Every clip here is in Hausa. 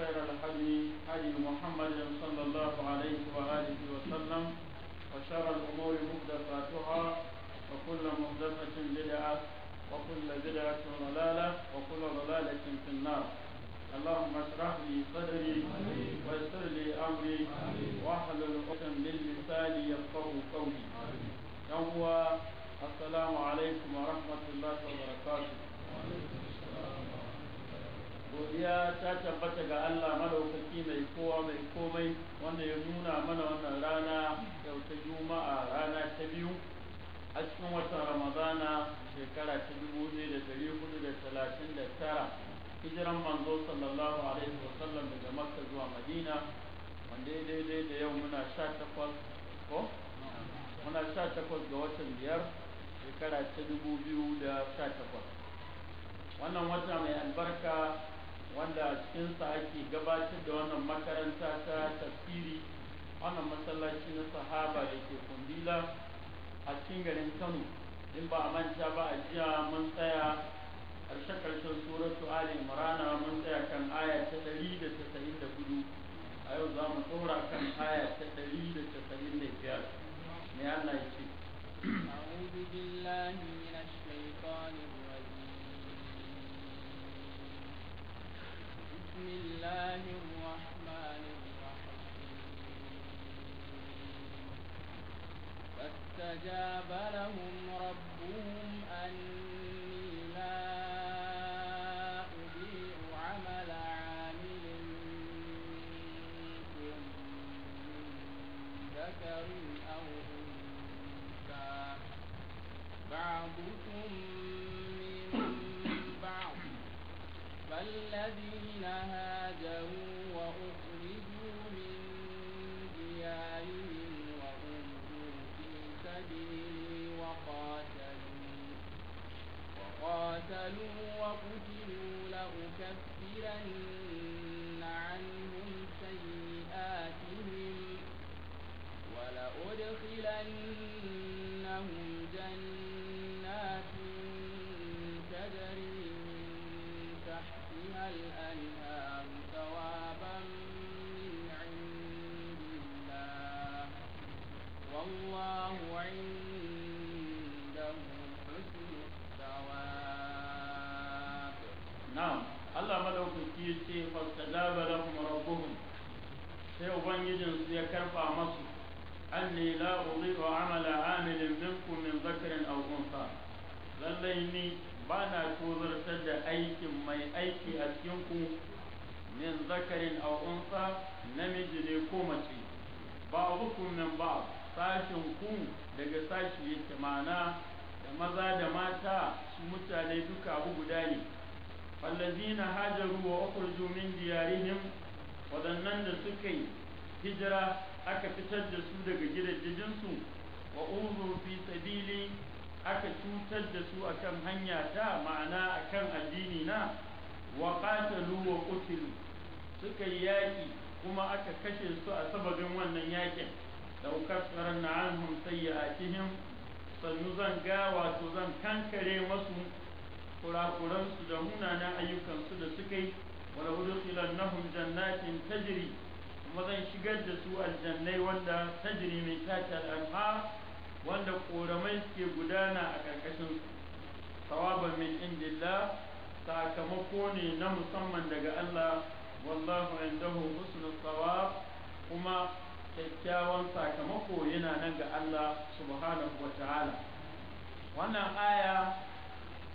وخير الحدي هدي محمد صلى الله عليه وآله وسلم وشر الأمور محدثاتها وكل محدثة بدعة وكل بدعة ضلالة وكل ضلالة في النار اللهم اشرح لي صدري ويسر لي أمري واحلل عقدة من لساني يفقهوا قولي يوم السلام عليكم ورحمة الله وبركاته godiya ta tabbata ga Allah madaukaki mai kowa mai komai wanda ya nuna mana wannan rana yau ta juma'a rana ta biyu a cikin watan ramadana shekara ta dubu ne da dari hudu da talatin da tara hijiran manzo sallallahu alaihi wa sallam daga makka zuwa madina wanda ya daidai da yau muna sha takwas ko muna sha takwas ga watan biyar shekara ta dubu biyu da sha takwas wannan wata mai albarka wanda cikinsa ake gabatar da wannan makaranta ta tafsiri wannan masallaci na sahaba da ke kundila a cikin garin kano in ba a manta ba a jiya mun tsaya ƙarshe ƙarshen suratu ali imrana mun tsaya kan aya ta ɗari da tasa'in da hudu a yau za mu tsora kan aya ta ɗari da tasa'in da biyar allah ya ce أعوذ بالله من الشيطان الرجيم الله الرحمن الرحيم فاستجاب لهم ربهم أني لا أضيع عمل عامل منكم ذكر أو أنثى بعضكم والذين هاجروا وأخرجوا من ديارهم وأوذوا في سبيلي وقاتلوا وقاتلوا وقتلوا لأكفرن Na'am, عنده حسن الثواب نعم الله ملوك كيتي فاستجاب لهم ربهم sai ubangijin ya karfa masu anni la udhi'u amala amilin minkum min dhakarin aw lallai ni ba na tozartar da aikin mai aiki a cikin ku zakarin aw unsa namiji ne ko mace ba min ba sashen ku daga sashi yake mana da maza da mata su mutane duka abu guda ne fallazina hajaru wa ukhruju min diyarihim wadannan da suka yi hijira aka fitar da su daga su wa umru fi sabili aka cutar da su akan hanya ta ma'ana akan addini na wa qatalu wa qutilu suka yi yaƙi kuma aka kashe su a sababin wannan yakin لو كفرن عنهم سيئاتهم sannu zan ga wato zan kankare masu kurakuransu da munanan ayyukansu da suka yi wala na nahum jannatin tajri kuma zan shigar da su aljannai wanda tajri mai tace al'amha wanda koramai suke gudana a karkashin sawaban min indillah sakamako ne na musamman daga Allah wallahu indahu husnul thawab kuma kyakkyawan sakamako yana nan ga Allah subhanahu wa ta'ala wannan aya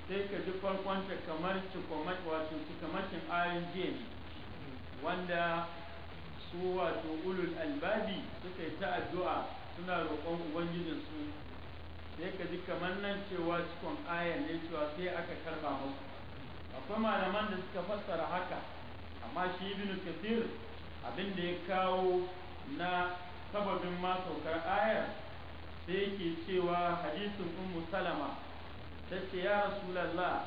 sai ka ji farkonta kamar cikamakin ayin jiya ne wanda su wato ulul albabi suka yi ta addu'a suna roƙon ubangijin su sai ka ji kamar nan cewa cikon ayan ne cewa sai aka karba musu akwai malaman da suka fassara haka amma shi ibn kathir abin da ya kawo na sababin ma saukar ayar sai yake cewa hadisin ummu salama ta ce ya rasulallah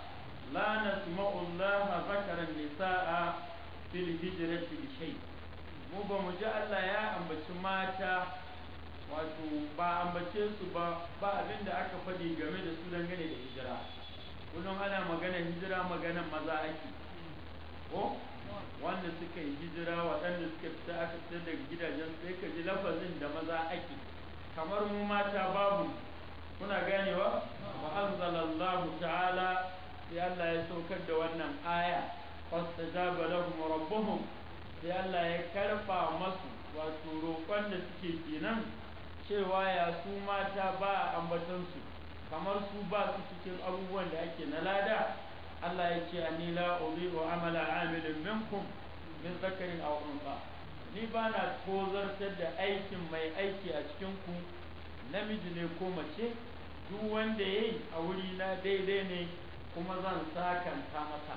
la nasma'u allaha zakara nisa'a fil hijrati bi shay mu ba mu ji Allah ya ambaci mata wato ba ambace su ba ba abin da aka faɗi game da su dangane da hijira kullum ana magana hijira maganan maza ake ko wanda suka yi hijira waɗanda suka fita aka fita daga gidajen sai ka ji lafazin da maza ake kamar mu mata babu kuna ganewa wa anzalallahu ta'ala sai Allah ya saukar da wannan aya fastajaba lahum rabbuhum sai Allah ya karfa masu wato roƙon da suke kenan cewa ya su mata ba ambatansu kamar su ba su cikin abubuwan da ake na lada Allah ya ce ni la wa amala amilin minkum min zakarin aw unsa ni ba na tozartar da aikin mai aiki a cikin ku namiji ne ko mace duk wanda yayi a wuri na daidai ne kuma zan sakanta masa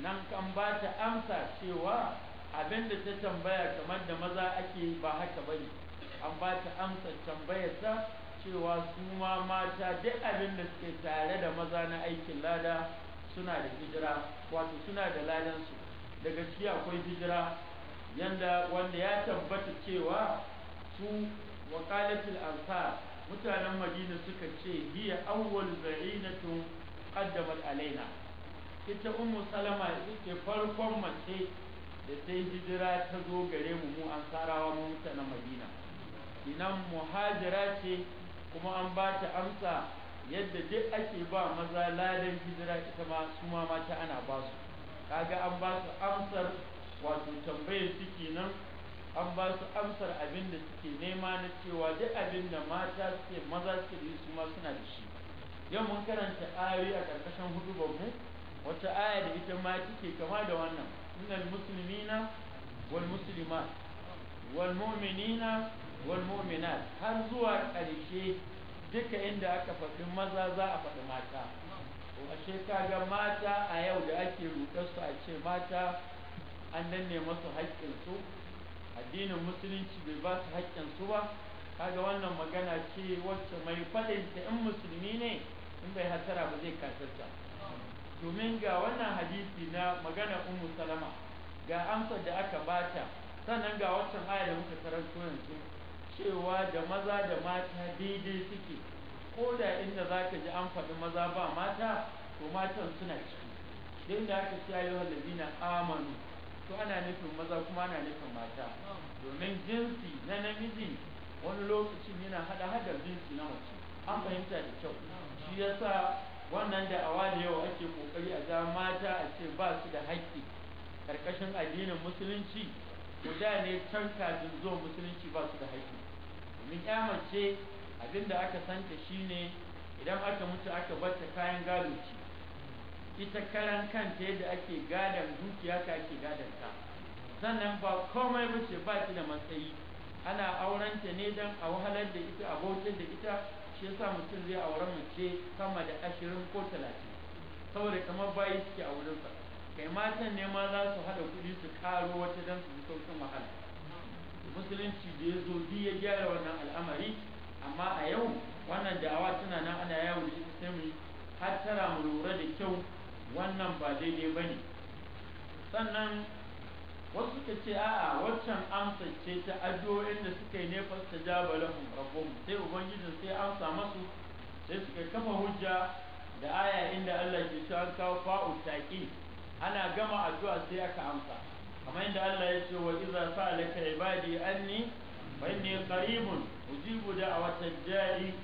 Nan kan ba ta amsa cewa abin da ta tambaya kamar da maza ake ba haka bane an ba ta amsa tambayar ta cewa su ma mata duk abin da suke tare da maza na aikin lada suna da hijira wato suna da ladansu da gaskiya akwai hijira yanda wanda ya tabbata cewa su wakalatul ansar mutanen madina suka ce hiya awwal zainatu qaddamat alaina ita ummu salama ita farkon mace da ta yi hijira ta zo gare mu mu ansarawa mu mutanen madina inan muhajira ce kuma an ba ta amsa yadda duk ake ba maza ladan hijira ita ma su ma mata ana ba su kaga an ba su amsar wato tambayar su nan an ba su amsar abin da suke nema na cewa duk abin da mata suke maza suke da su ma suna da shi yau mun karanta ayoyi a karkashin hudu babu wata aya da ita ma take kama da wannan innal muslimina wal muslimat wal mu'minina wal mu'minat har zuwa ƙarshe duka inda aka faɗi maza za a faɗi mata ashe kaga mata a yau da ake su a ce mata an danne masu haƙƙinsu addinin musulunci bai ba su haƙƙinsu ba kaga wannan magana ce wacce mai ta in musulmi ne in bai hasara ba zai kasarta domin ga wannan hadisi na magana ummu salama ga amsar da aka bata sannan ga wancan aya da muka karanto yanzu cewa da maza da mata daidai suke ko da inda za ka ji an faɗi maza ba mata to matan suna ciki din da aka yi ayyuhal na amanu to ana nufin maza kuma ana nufin mata domin jinsi na namiji wani lokacin yana hada hada jinsi na mace an fahimta da kyau shi yasa wannan da awa da yawa ake kokari a ga mata a ce ba su da haƙƙi ƙarƙashin addinin musulunci Guda ne can kafin zuwa musulunci ba su da haƙƙi domin ya abinda aka santa shine idan aka mutu aka bata kayan galuci ita karan kanta yadda ake gadan dukiya ka ake gadan ta sannan ba komai ba ce ba ki da matsayi ana aurenta ne dan a wahalar da ita a bautar da ita shi yasa mutum zai auren mace sama da ashirin ko talatin saboda kamar bayi suke a wurinsa kai matan ne ma za su haɗa kuɗi su karo wata don su sauƙin wahala musulunci da ya zo ya gyara wannan al'amari amma a yau wannan da'awa tana nan ana yawo da ita sai mu har tara mu lura da kyau wannan ba daidai ba ne sannan wasu ka ce a'a waccan amsa ce ta addu'o'in da suka yi nefas ta jaba lahum sai ubangijin sai amsa masu sai suka kafa hujja da aya inda Allah ke cewa kawo fa'u taqi ana gama addu'a sai aka amsa kamar yadda Allah ya ce wa idza sa'alaka ibadi anni fa inni qaribun ujibu da'wata jari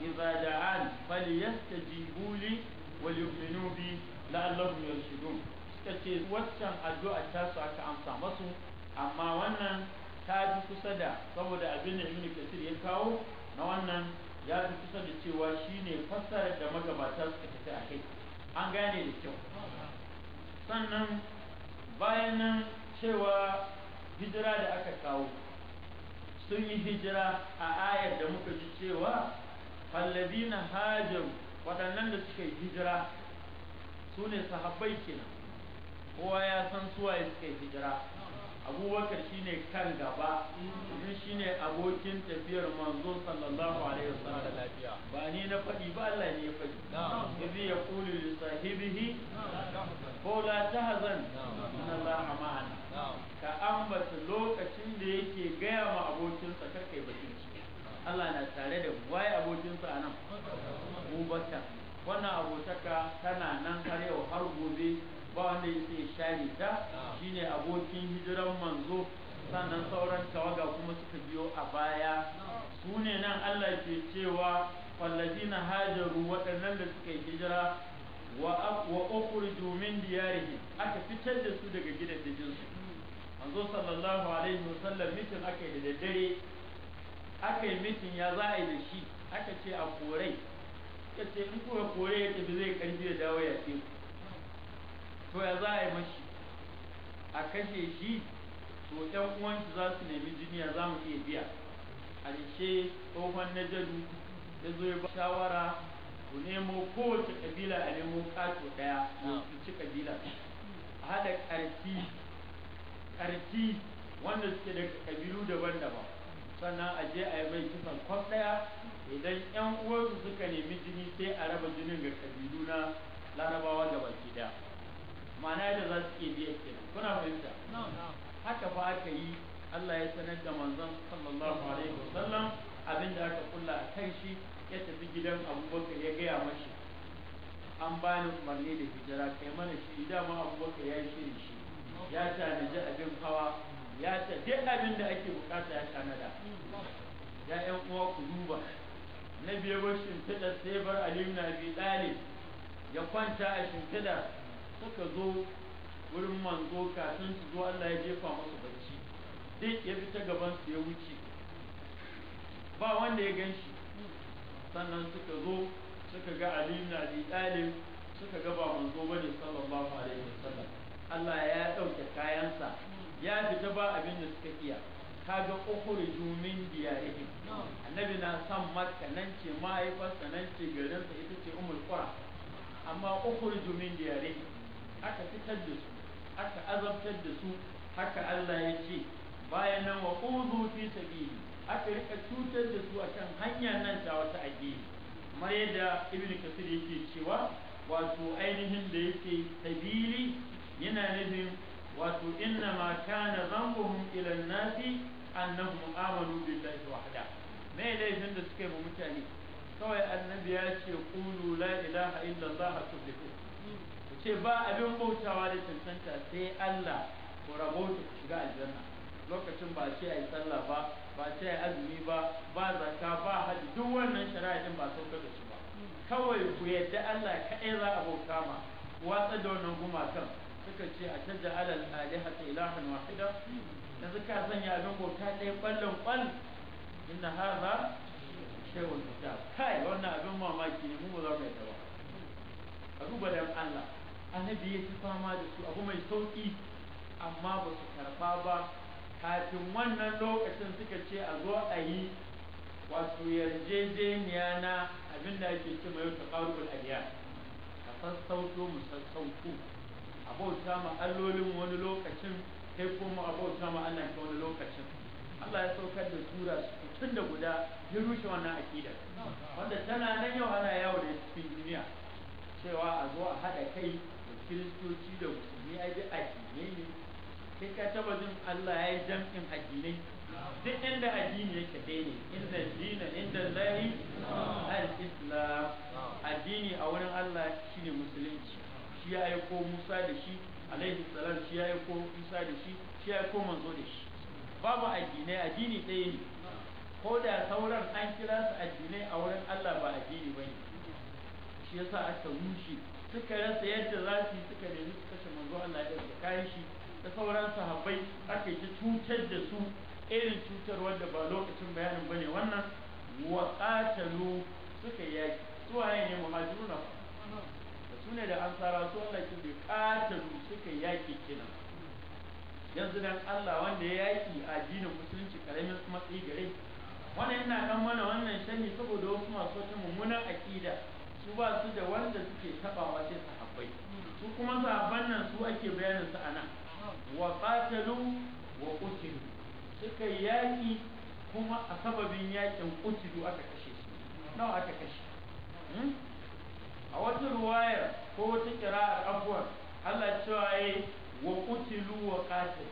idza da'an falyastajibu li wa yu'minu bi la'allahum yarshudun suka ce waccan addu'a ta su aka amsa masu amma wannan ta fi kusa da saboda abin da Ibn Kathir ya kawo na wannan ya fi kusa da cewa shine fassarar da magabata suka tafi a kai an gane da kyau sannan bayan nan cewa hijira da aka kawo sun yi hijira a ayar da muka ji cewa na hajar waɗannan da suka yi hijira su ne sahabbai kenan kowa ya san suwaye suka yi hijira abubakar shine kan gaba domin shine abokin tafiyar manzo sallallahu alaihi wasallam ba ni na faɗi ba Allah ne ya faɗi idhi yaqulu li sahibihi ko la tahzan inna Allah ma'ana ka ambata lokacin da yake gaya ma abokinsa kar kai bakin Allah na tare da waye abokinsa anan Abubakar wannan abotaka tana nan har yau har gobe ba wanda ya sai share ta shine abokin hijiran manzo sannan sauran tawaga kuma suka biyo a baya su ne nan Allah ke cewa na hajaru waɗannan da suka yi hijira wa ukhriju min diyarihim aka fitar da su daga gidajen su manzo sallallahu alaihi wasallam mitin aka yi da daddare aka yi mitin ya za a yi da shi aka ce a korai ya ce in kuka kore ya tafi zai karfi da dawo ya ce to ya za a yi mashi a kashe shi to ɗan uwanci za su nemi jiniya za mu iya biya a ce tsohon na jadu ya zo ya ba shawara ku nemo kowace kabila a nemo kato ɗaya su ci kabila a haɗa ƙarfi ƙarfi wanda suke da kabilu daban-daban sannan a je a yi mai kisan kwas ɗaya idan ƴan uwansu suka nemi jini sai a raba jinin ga kabilu na larabawa da baki ɗaya ma'ana yadda za su iya biya kenan kuna fahimta haka fa aka yi Allah ya sanar da manzon sallallahu alaihi wasallam abin da aka kulla a kai shi ya tafi gidan abubakar ya gaya mashi an bani umarni da hijira kai mana shi ma abubakar ya shiri shi ya tanaji abin hawa ya ta duk abin da ake bukata ya tanada ya yan uwa ku duba na biye bar tada sai bar aliyu na bi ya kwanta a tada suka zo wurin manzo kafin su zo Allah ya jefa musu bacci duk ya fita gaban su ya wuce ba wanda ya gan shi sannan suka zo suka ga Ali ibn Abi Talib suka ga ba manzo bane sallallahu alaihi wasallam Allah ya dauke kayansa ya fita ba abin da suka iya kaga ukhuru jumin diyarihi annabi na san makka nan ce mahaifarsa nan ce garinsa ita ce umul qura amma ukhuru jumin diyarihi aka fitar da su aka azabtar da su haka Allah ya ce bayan nan wa qudu fi sabili aka rika cutar da su akan hanya nan ta wata addini kamar yadda Ibn kasir yake cewa wato ainihin da yake sabili yana nufin wato inna ma kana zambuhum ila nasi annahum amanu billahi wahda me laifin da suke ma mutane kawai annabi ya ce qulu la ilaha illallah tuflihu ce ba abin bautawa da cancanta sai Allah ku rabauta ku shiga aljanna lokacin ba ce yi sallah ba ba ce ai azumi ba ba zaka ba haji duk wannan shari'a din ba sauka da shi ba kawai ku yadda Allah kaɗai za a bauta ma watsa da wannan gumakan suka ce a tajja alal alihata ilahan wahida da suka sanya abin bauta ɗaya ƙwallon ƙwal za haza shay'un kai wannan abin mamaki ne mu ba za mu yadda ba a duba dan Allah annabi ya fi fama da su abu mai sauƙi amma ba su karɓa ba kafin wannan lokacin suka ce a zo a yi wato yarjejeniya na abin da ake ce mai yau ƙarfin adiya a sassauto mu sassauto abauta ma allolin wani lokacin kai kuma abauta ma Allah ta wani lokacin Allah ya saukar da sura tun da guda ya rushe wannan akidar wanda tana nan yau ana yawo da cikin duniya cewa a zo a haɗa kai kiristoci da musulmi ai duk addinai ne sai ka taba jin Allah ya yi jam'in addinai duk inda addini yake dai ne inda dina inda lahi al-islam addini a wurin Allah shine musulunci shi ya aiko Musa da shi alaihi salam shi ya aiko Musa da shi shi ya aiko manzo da shi babu addinai addini ɗaya ne ko da sauran an kira su addinai a wurin Allah ba addini ne. shi yasa aka rushe suka rasa yadda za su yi suka nemi su kashe manzo Allah ya da kayan shi da sauran sahabbai aka yi cutar da su irin cutar wanda ba lokacin bayanin bane wannan wa qatalu suka yaki waye ne muhajiruna da su ne da ansara su Allah kin bi qatalu suka yaki kenan yanzu dan Allah wanda ya yaki addinin musulunci karamin matsayi gare wannan ina dan mana wannan shani saboda wasu masu wata mummunan aqida su ba su da wanda suke taba wace sahabbai su kuma sahabban nan su ake bayanin su anan wa qatalu wa qutilu suka yaki kuma a sababin yakin qutilu aka kashe su nawa aka kashe hmm? a wata ruwaya ko wata a abuwa Allah cewa yayi wa qutilu wa qatil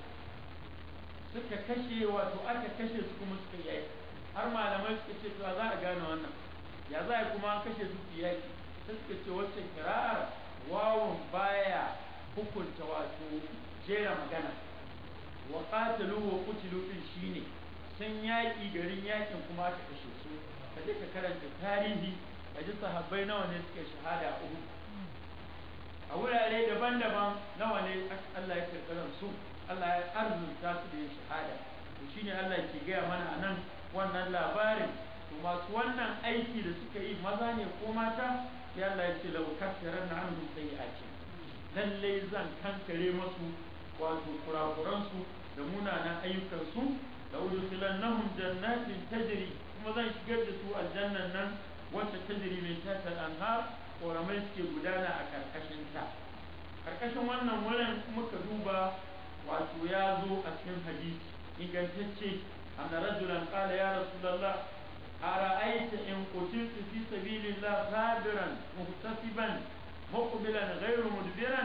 suka kashe wato aka kashe su kuma suka yaki har malamai suka ce to za a gane wannan ya za kuma kashe su su yaƙi ta suka ce wacce kira'ar wawon baya hukunta wato jera magana wa qatalu wa qutilu din shine sun yaƙi garin yaƙin kuma aka kashe su ka je ka karanta tarihi ka ji sahabbai nawa ne suka shahada a a wurare daban-daban nawa ne Allah ya karkaran su Allah ya arzuta su da ya shahada to shine Allah ke gaya mana nan wannan labarin masu wannan aiki da suka yi maza ne ko mata ya Allah ya ce lau kafiran na annu sayyi'ati lalle zan kankare masu wato kurakuran su da munanan ayyukan su la udkhilannahum jannatin tajri kuma zan shigar da su aljannan nan wacce tajiri mai tata al Ƙoramai koramai suke gudana a karkashin ta karkashin wannan wurin muka duba wato ya zo a cikin hadisi ingantacce anna rajulan qala ya rasulullah أرأيت إن قتلت في سبيل الله صابرا محتسبا مقبلا غير مدبرا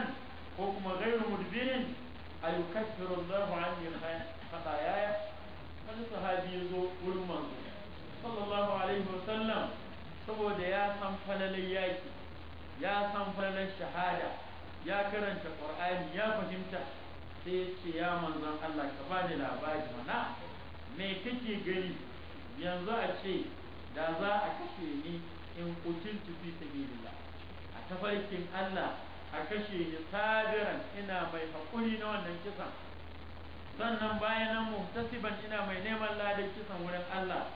حكم غير مدبر أيكفر الله عني خطاياي wani sahabi ya zo wurin manzo sallallahu alaihi wasallam saboda ya san falalin ya san falalin shahada ya karanta ƙur'ani, ya fahimta sai ya ce ya manzon Allah ka bani labari mana me kake gani yanzu a ce da za a kashe ni in kutiltu fi sabilillah a tafarkin Allah a kashe ni sabiran ina mai haƙuri na wannan kisan sannan bayan nan muhtasiban ina mai neman ladar kisan wurin Allah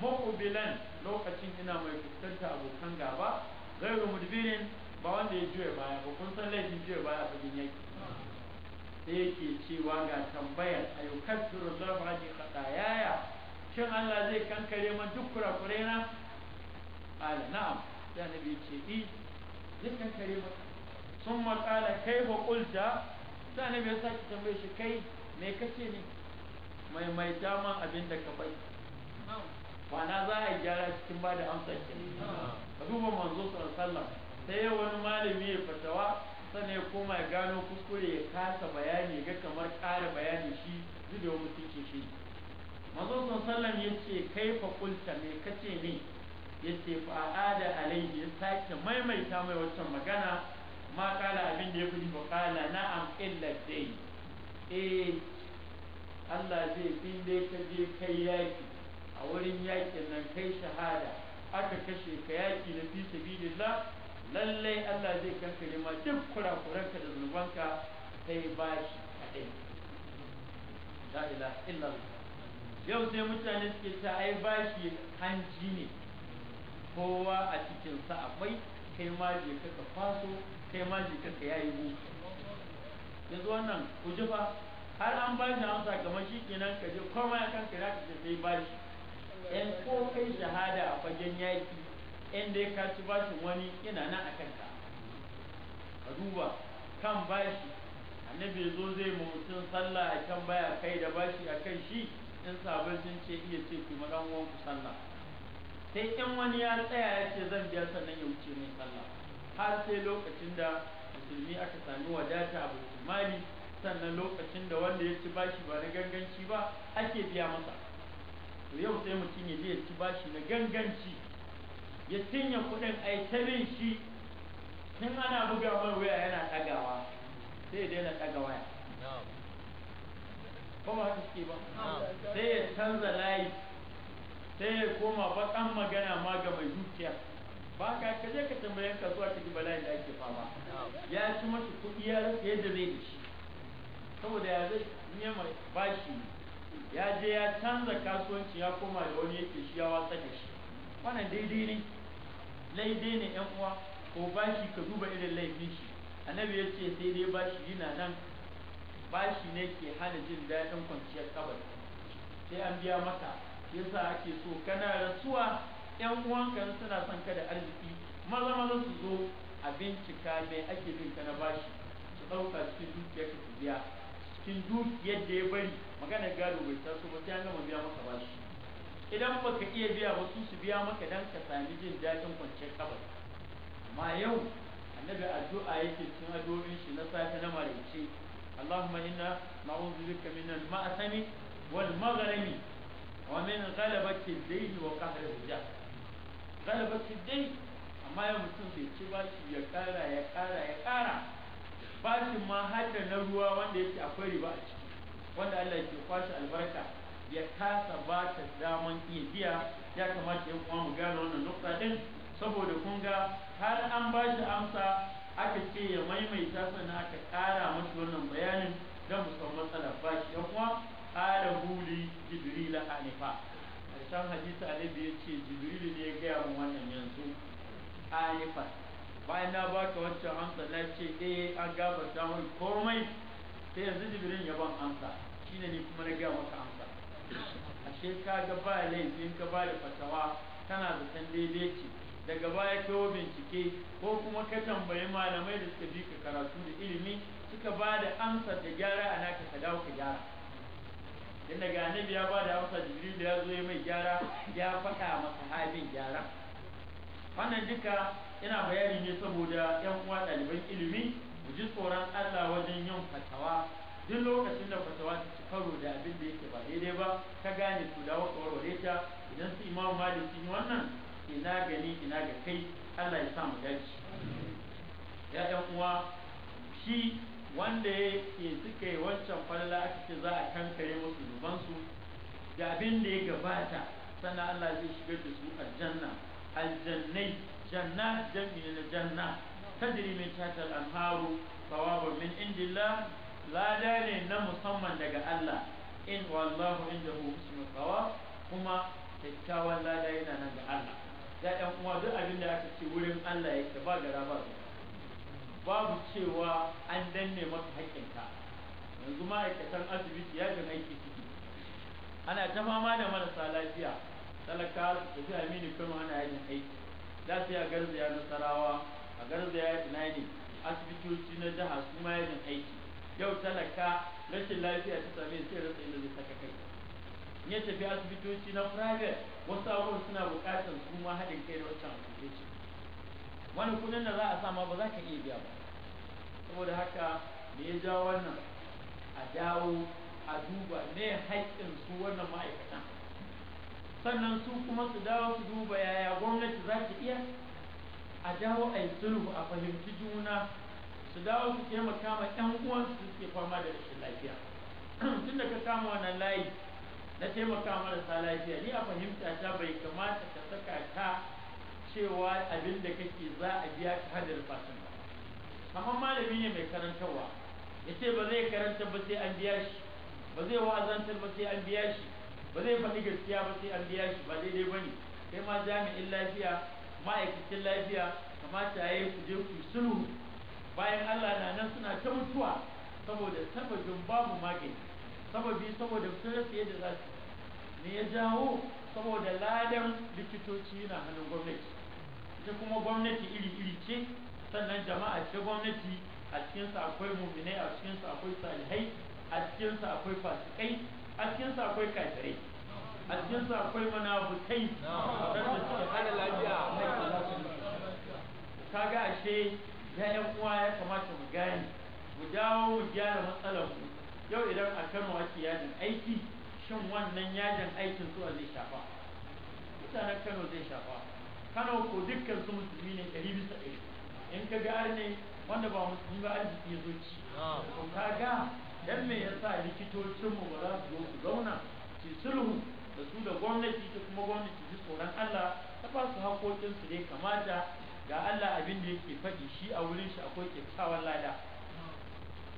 muqbilan lokacin ina mai fuskanta abokan gaba gairu mudbirin ba wanda ya juya baya ba kun san laifin juya baya a fagen yaki sai yake cewa ga tambayar ayyukan turun zarfa ne yaya shin Allah zai kankare man duk kurakure na ala na'am ya nabi ce i eh, zai kankare man sun makala kai ba kulta da nabi ya sake tambaye shi kai me kace ne mai mai dama abin da ka bai kwana za a gyara cikin ba da amsa ke a duba manzo sallallahu sai wani malami ya fatawa sannan ya koma ya gano kuskure ya kasa bayani ga kamar kara bayani shi zuwa mutunci shi mazo sallan ya ce kai fa kulta kace ne ya ce fa ada alaihi ya sake maimaita mai wancan magana ma kala abin da ya fi ba kala na'am illa dai eh Allah zai fi dai ka je kai yaki a wurin yakin nan kai shahada aka kashe ka yaki na fi sabilillah lallai Allah zai kankare ma duk kurakuranka da zunubanka kai bashi kadai la ilaha illallah yau sai mutane suke ta ai bashi hanji ne kowa a cikinsa akwai kai ma je ka ka faso kai ma je ka yayi mu yanzu wannan ku ji fa har an ba shi amsa kamar shi kenan ka je koma ya kanka ya ka sai bashi ɗan ko kai shahada a fagen yaki in ya kaci ci bashin wani ina nan a kanka ka duba kan bashi annabi zo zai mutum sallah a can baya kai da bashi a kan shi in sabon sun ce iya ce ki ma dan ku sallah sai in wani ya tsaya ya ce zan biya sannan ya wuce mai sallah har sai lokacin da musulmi aka sami wadata a sannan lokacin da wanda ya ci bashi ba na ganganci ba ake biya masa to yau sai mutum ya je ya ci bashi na ganganci ya cinye kuɗin a yi ta shi in ana buga mai wuya yana ɗagawa sai ya daina ɗaga waya ko ba haka suke ba sai ya canza layi sai ya koma bakan magana ma ga mai dukiya ba ka ka je ka tambaye ka zuwa cikin bala'in da ake fama ya ci masa kuɗi ya rufe yadda zai da shi saboda ya zai nema bashi ya je ya canza kasuwanci ya koma da wani yake shi ya watsa da shi wannan daidai ne daidai ne yan uwa ko bashi ka duba irin laifin shi annabi ya ce sai dai bashi yana nan bashi ne ke hana jin daɗin kwanciyar kabari sai an biya maka yasa ake so kana rasuwa yan uwanka suna son ka da arziki maza maza su zo a bincika mai ake bin ka na bashi su ɗauka cikin dukiyar ka su biya cikin dukiyar da ya bari magana gado bai taso ba sai an gama biya maka bashi idan baka iya biya ba su su biya maka dan ka sami jin daɗin kwanciyar kabari amma yau annabi addu'a yake cikin addu'o'in shi na safe na maraice اللهم إنا نعوذ بك من المأثم والمغرم ومن غلبة الدين وقهر الرجال غلبة الدين amma ya mutum bai ci bashi ya kara ya kara ya kara bashin ma hada na ruwa wanda yake akwai riba a ciki wanda Allah ke kwashe albarka ya kasa ba ta daman iya biya ya kamata ya kuma mu gane wannan nukta din saboda kun har an ba shi amsa aka ce ya maimaita sannan aka ƙara masa wannan bayanin don san matsalar ba shi yan kuma kara huli jibril A can hadisi alibi ya ce jibril ne ya gaya mu wannan yanzu hanifa bayan na baka wancan amsa na ce eh an gabata mun komai sai yanzu jibril ya ban amsa shine ne kuma na gaya maka amsa ashe ka ga ba laifin ka ba da fatawa tana san daidai ce daga baya kawo bincike ko kuma ka tambayi malamai da suka bi karatu da ilimi suka ba da amsa da gyara a naka ka dawo ka gyara dan daga annabi ya ba da amsa jibril da ya zo ya mai gyara ya faɗa masa halin gyara wannan duka yana bayani ne saboda yan uwa ɗaliban ilimi mu ji tsoron Allah wajen yin fatawa duk lokacin da fatawa ta ci karo da abin da yake ba daidai ba ka gane su dawo ka ta idan su imam da sun yi wannan ina gani ina ga kai Allah ya sa mu dace ya ɗan uwa shi wanda ya ke suka yi wancan falala aka ce za a kankare musu zubansu da abin da ya gabata sannan Allah zai shigar da su a aljanna aljannai janna jam'i na janna tajri min tatar anharu thawabun min indillah lada ne na musamman daga Allah in wallahu indahu husnul thawab kuma kyakkyawan lada yana nan ga Allah ya ɗan uwa duk abin da aka ce wurin Allah yake ba gara ba babu cewa an danne maka haƙƙinka yanzu ma'aikatan asibiti ya ga aiki ciki ana ta fama da marasa lafiya talaka da fi amini kano ana yajin aiki za su yi a garzaya nasarawa a garzaya ina ne asibitoci na jiha su ma yajin aiki yau talaka rashin lafiya ta same sai rasa inda zai saka kai ya tafi asibitoci na private wasu abubuwan suna buƙatar kuma haɗin kai da wancan asibitoci wani kudin da za a sama ba za ka iya biya ba saboda haka me ya jawo wannan a dawo a duba ne haƙƙin su wannan ma'aikatan sannan su kuma su dawo su duba yaya gwamnati za ta iya a dawo a yi sulhu a fahimci juna su dawo su taimaka ma 'yan uwansu suke fama da rashin lafiya tun da ka kama wannan layi na taimaka marasa lafiya ni a fahimta ta bai kamata ka saka ta cewa abin da kake za a biya ka hadar fasin ba amma malami ne mai karantarwa ya ce ba zai karanta ba sai an biya shi ba zai wa'azantar ba sai an biya shi ba zai faɗi gaskiya ba sai an biya shi ba daidai ba ne kai ma jami'in lafiya ma'aikacin lafiya kamata ya yi kuje ku sulhu bayan Allah na nan suna ta mutuwa saboda sababin babu magani sababi saboda sun rasa yadda za su me ya jawo saboda ladan likitoci na hannun gwamnati ita kuma gwamnati iri-iri ce sannan jama'a ce gwamnati a cikinsa akwai muminai a cikinsa akwai salihai a cikinsa akwai fasikai a cikinsa akwai kafirai a cikinsa akwai manabutai waɗanda suke hana lafiya ga ashe ya yan uwa ya kamata mu gane mu dawo mu gyara matsalar mu yau idan a Kano ake yajin aiki shin wannan yajin aikin su zai shafa mutanen kano zai shafa kano ko dukkan su musulmi ne ɗari bisa ɗari in ka ga ne wanda ba musulmi ba arziki ya zo ci ka ga dan me yasa likitocinmu ba za su zo su zauna su sulhu da su da gwamnati ta kuma gwamnati ji tsoron Allah ta ba su haƙoƙinsu dai kamata ga Allah abin da yake faɗi shi a wurin shi akwai kyakkyawan lada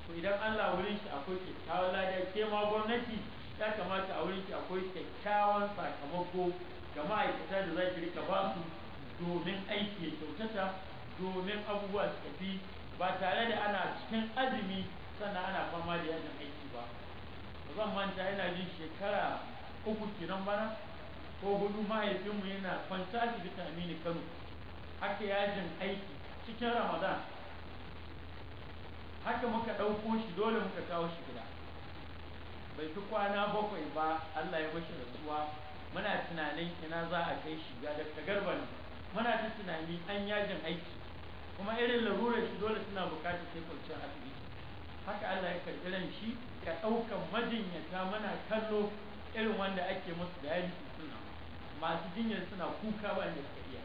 to idan Allah wurin shi akwai kyakkyawan lada ke ma gwamnati ya kamata a wurin shi akwai kyakkyawan sakamako ga ma'aikata da za ki rika ba su domin aiki ya kyautata domin abubuwa su tafi ba tare da ana cikin azumi sannan ana fama da yajin aiki ba zan manta yana jin shekara uku kenan bana ko hudu mahaifinmu yana kwanta asibiti amini kano haka yajin aiki cikin ramadan haka muka ɗauko shi dole muka kawo shi gida bai fi kwana bakwai ba Allah ya bashi rasuwa muna tunanin ina za a kai shi ga Dr. Garban muna ta tunani an yajin aiki kuma irin larurar shi dole suna bukatar sai kwanciyar asibiti haka Allah ya karɓi shi ka ɗaukan majinyata muna kallo irin wanda ake musu da dialysis suna masu jinyar suna kuka ba inda suka iya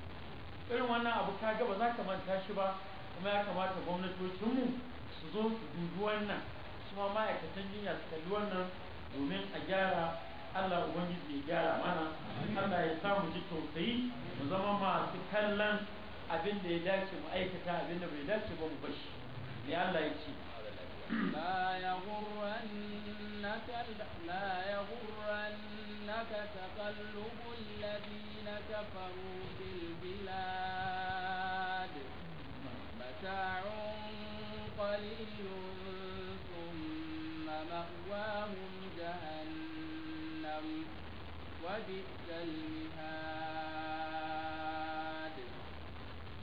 irin wannan abu ka ga ba za ka manta shi ba kuma ya kamata mu su zo su dubi wannan su ma ma'aikatan jinya su kalli wannan domin a gyara Allah Ubangiji ya gyara mana Allah ya samu ji tausayi mu zama masu kallon abin da ya dace mu aikata abin da bai dace ba mu bashi ne Allah ya ce لا يغرنك لا يغرنك تقلب الذين كفروا في البلاد متاع قليل مأواهم جهنم وبئس المهاد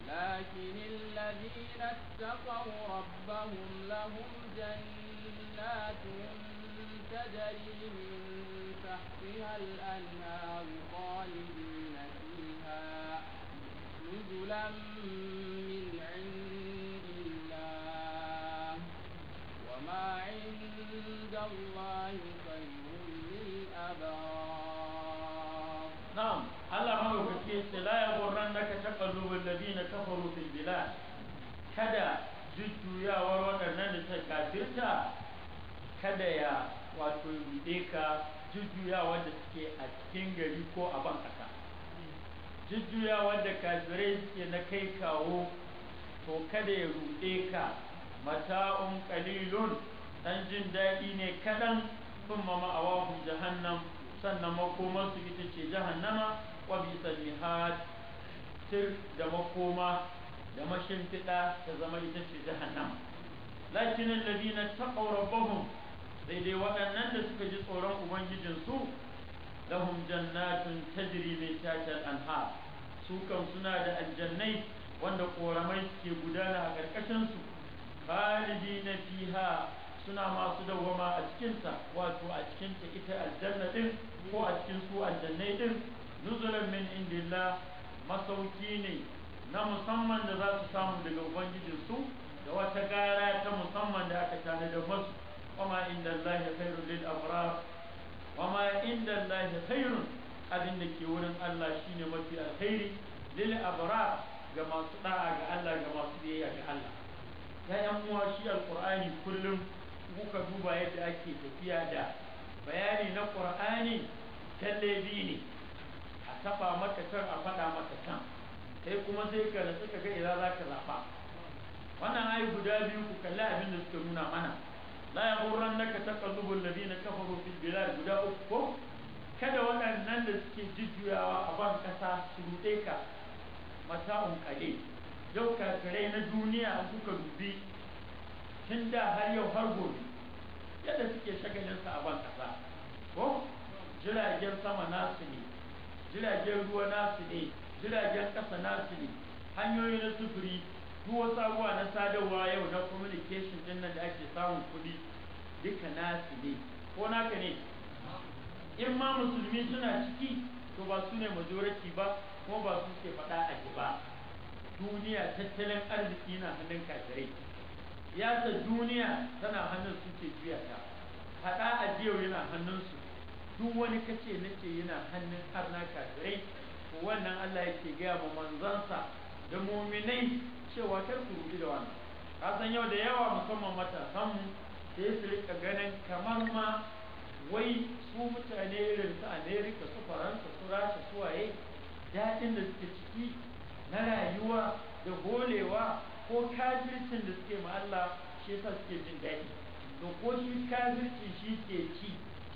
لكن الذين اتقوا ربهم لهم جنات تجري من تحتها الأنهار خالدين فيها نزلا من عند الله وما عند الله خير للأبرار نعم الله ملوك كيس لا يغرنك تقلب الذين كفروا في البلاد kada jujjuyawar waɗannan da ta kafirta kada ya wato ruɗe ka jujjuyawar da suke a cikin gari ko a ban ƙasa ya da kafirai suke na kai kawo to kada ya ruɗe ka mata'un ƙalilun dan jin daɗi ne kaɗan sun mama a wahun jahannam sannan su ita ce jahannama wa bisa mihad tir da makoma da mashin fiɗa ta zama ita ce jahannama lakin alladina taqaw rabbahum daidai waɗannan da suka ji tsoron ubangijinsu lahum jannatun tajri min tahtiha al-anhar su kan suna da aljannai wanda koramai ke gudana a karkashin su khalidina fiha suna masu dawwama a cikinta wato a cikinta ita aljanna din ko a cikin su aljannai din nuzulan min indilla masauki ne na musamman da za su samu daga ubangijin su da wata gara ta musamman da aka tare da masu kuma inda Allah ya kai lil abrar kuma inda Allah ya khairu abin da ke wurin Allah shine mafi alheri lil abra ga masu da'a ga Allah ga masu biyayya ga Allah ya yan uwa shi alqur'ani kullum muka duba yadda ake tafiya da bayani na ƙur'ani tallabi ne a tafa maka can a faɗa maka can kai kuma sai ka rasu ka ga ina za ka zaɓa wannan ayi guda biyu ku kalli abin da suka nuna mana la ya gurran naka taqallubul na kafaru fil bilad guda uku ko kada waɗannan da suke jujjuyawa a ban kasa su ruɗe ka mata'un kale yau kakarai na duniya kuka dubi tun da har yau har gobe yadda suke shagalinsa a ban ƙasa ko jiragen sama nasu ne jiragen ruwa nasu ne jiragen ƙasa nasu ne hanyoyi na sufuri duk wasu abubuwa na sadarwa yau na communication din nan da ake samun kuɗi duka nasu ne ko naka ne in ma musulmi suna ciki to ba su ne majority ba kuma ba su ke faɗa a ba duniya tattalin arziki na hannun kafirai ya sa duniya tana hannun suke juya ta haɗa ajiyar yana hannunsu duk wani kace ce yana hannun harna kafirai wannan Allah yake gaya ma manzansa da muminai cewa kar ku rubi da wannan ka yau da yawa musamman matasan mu sai su rika ganin kamar ma wai su mutane irin su Amerika su Faransa su Rasha su waye daɗin da suke ciki na rayuwa da golewa ko kafircin da suke ma Allah shi yasa suke jin daɗi to ko shi kafirci shi ke ci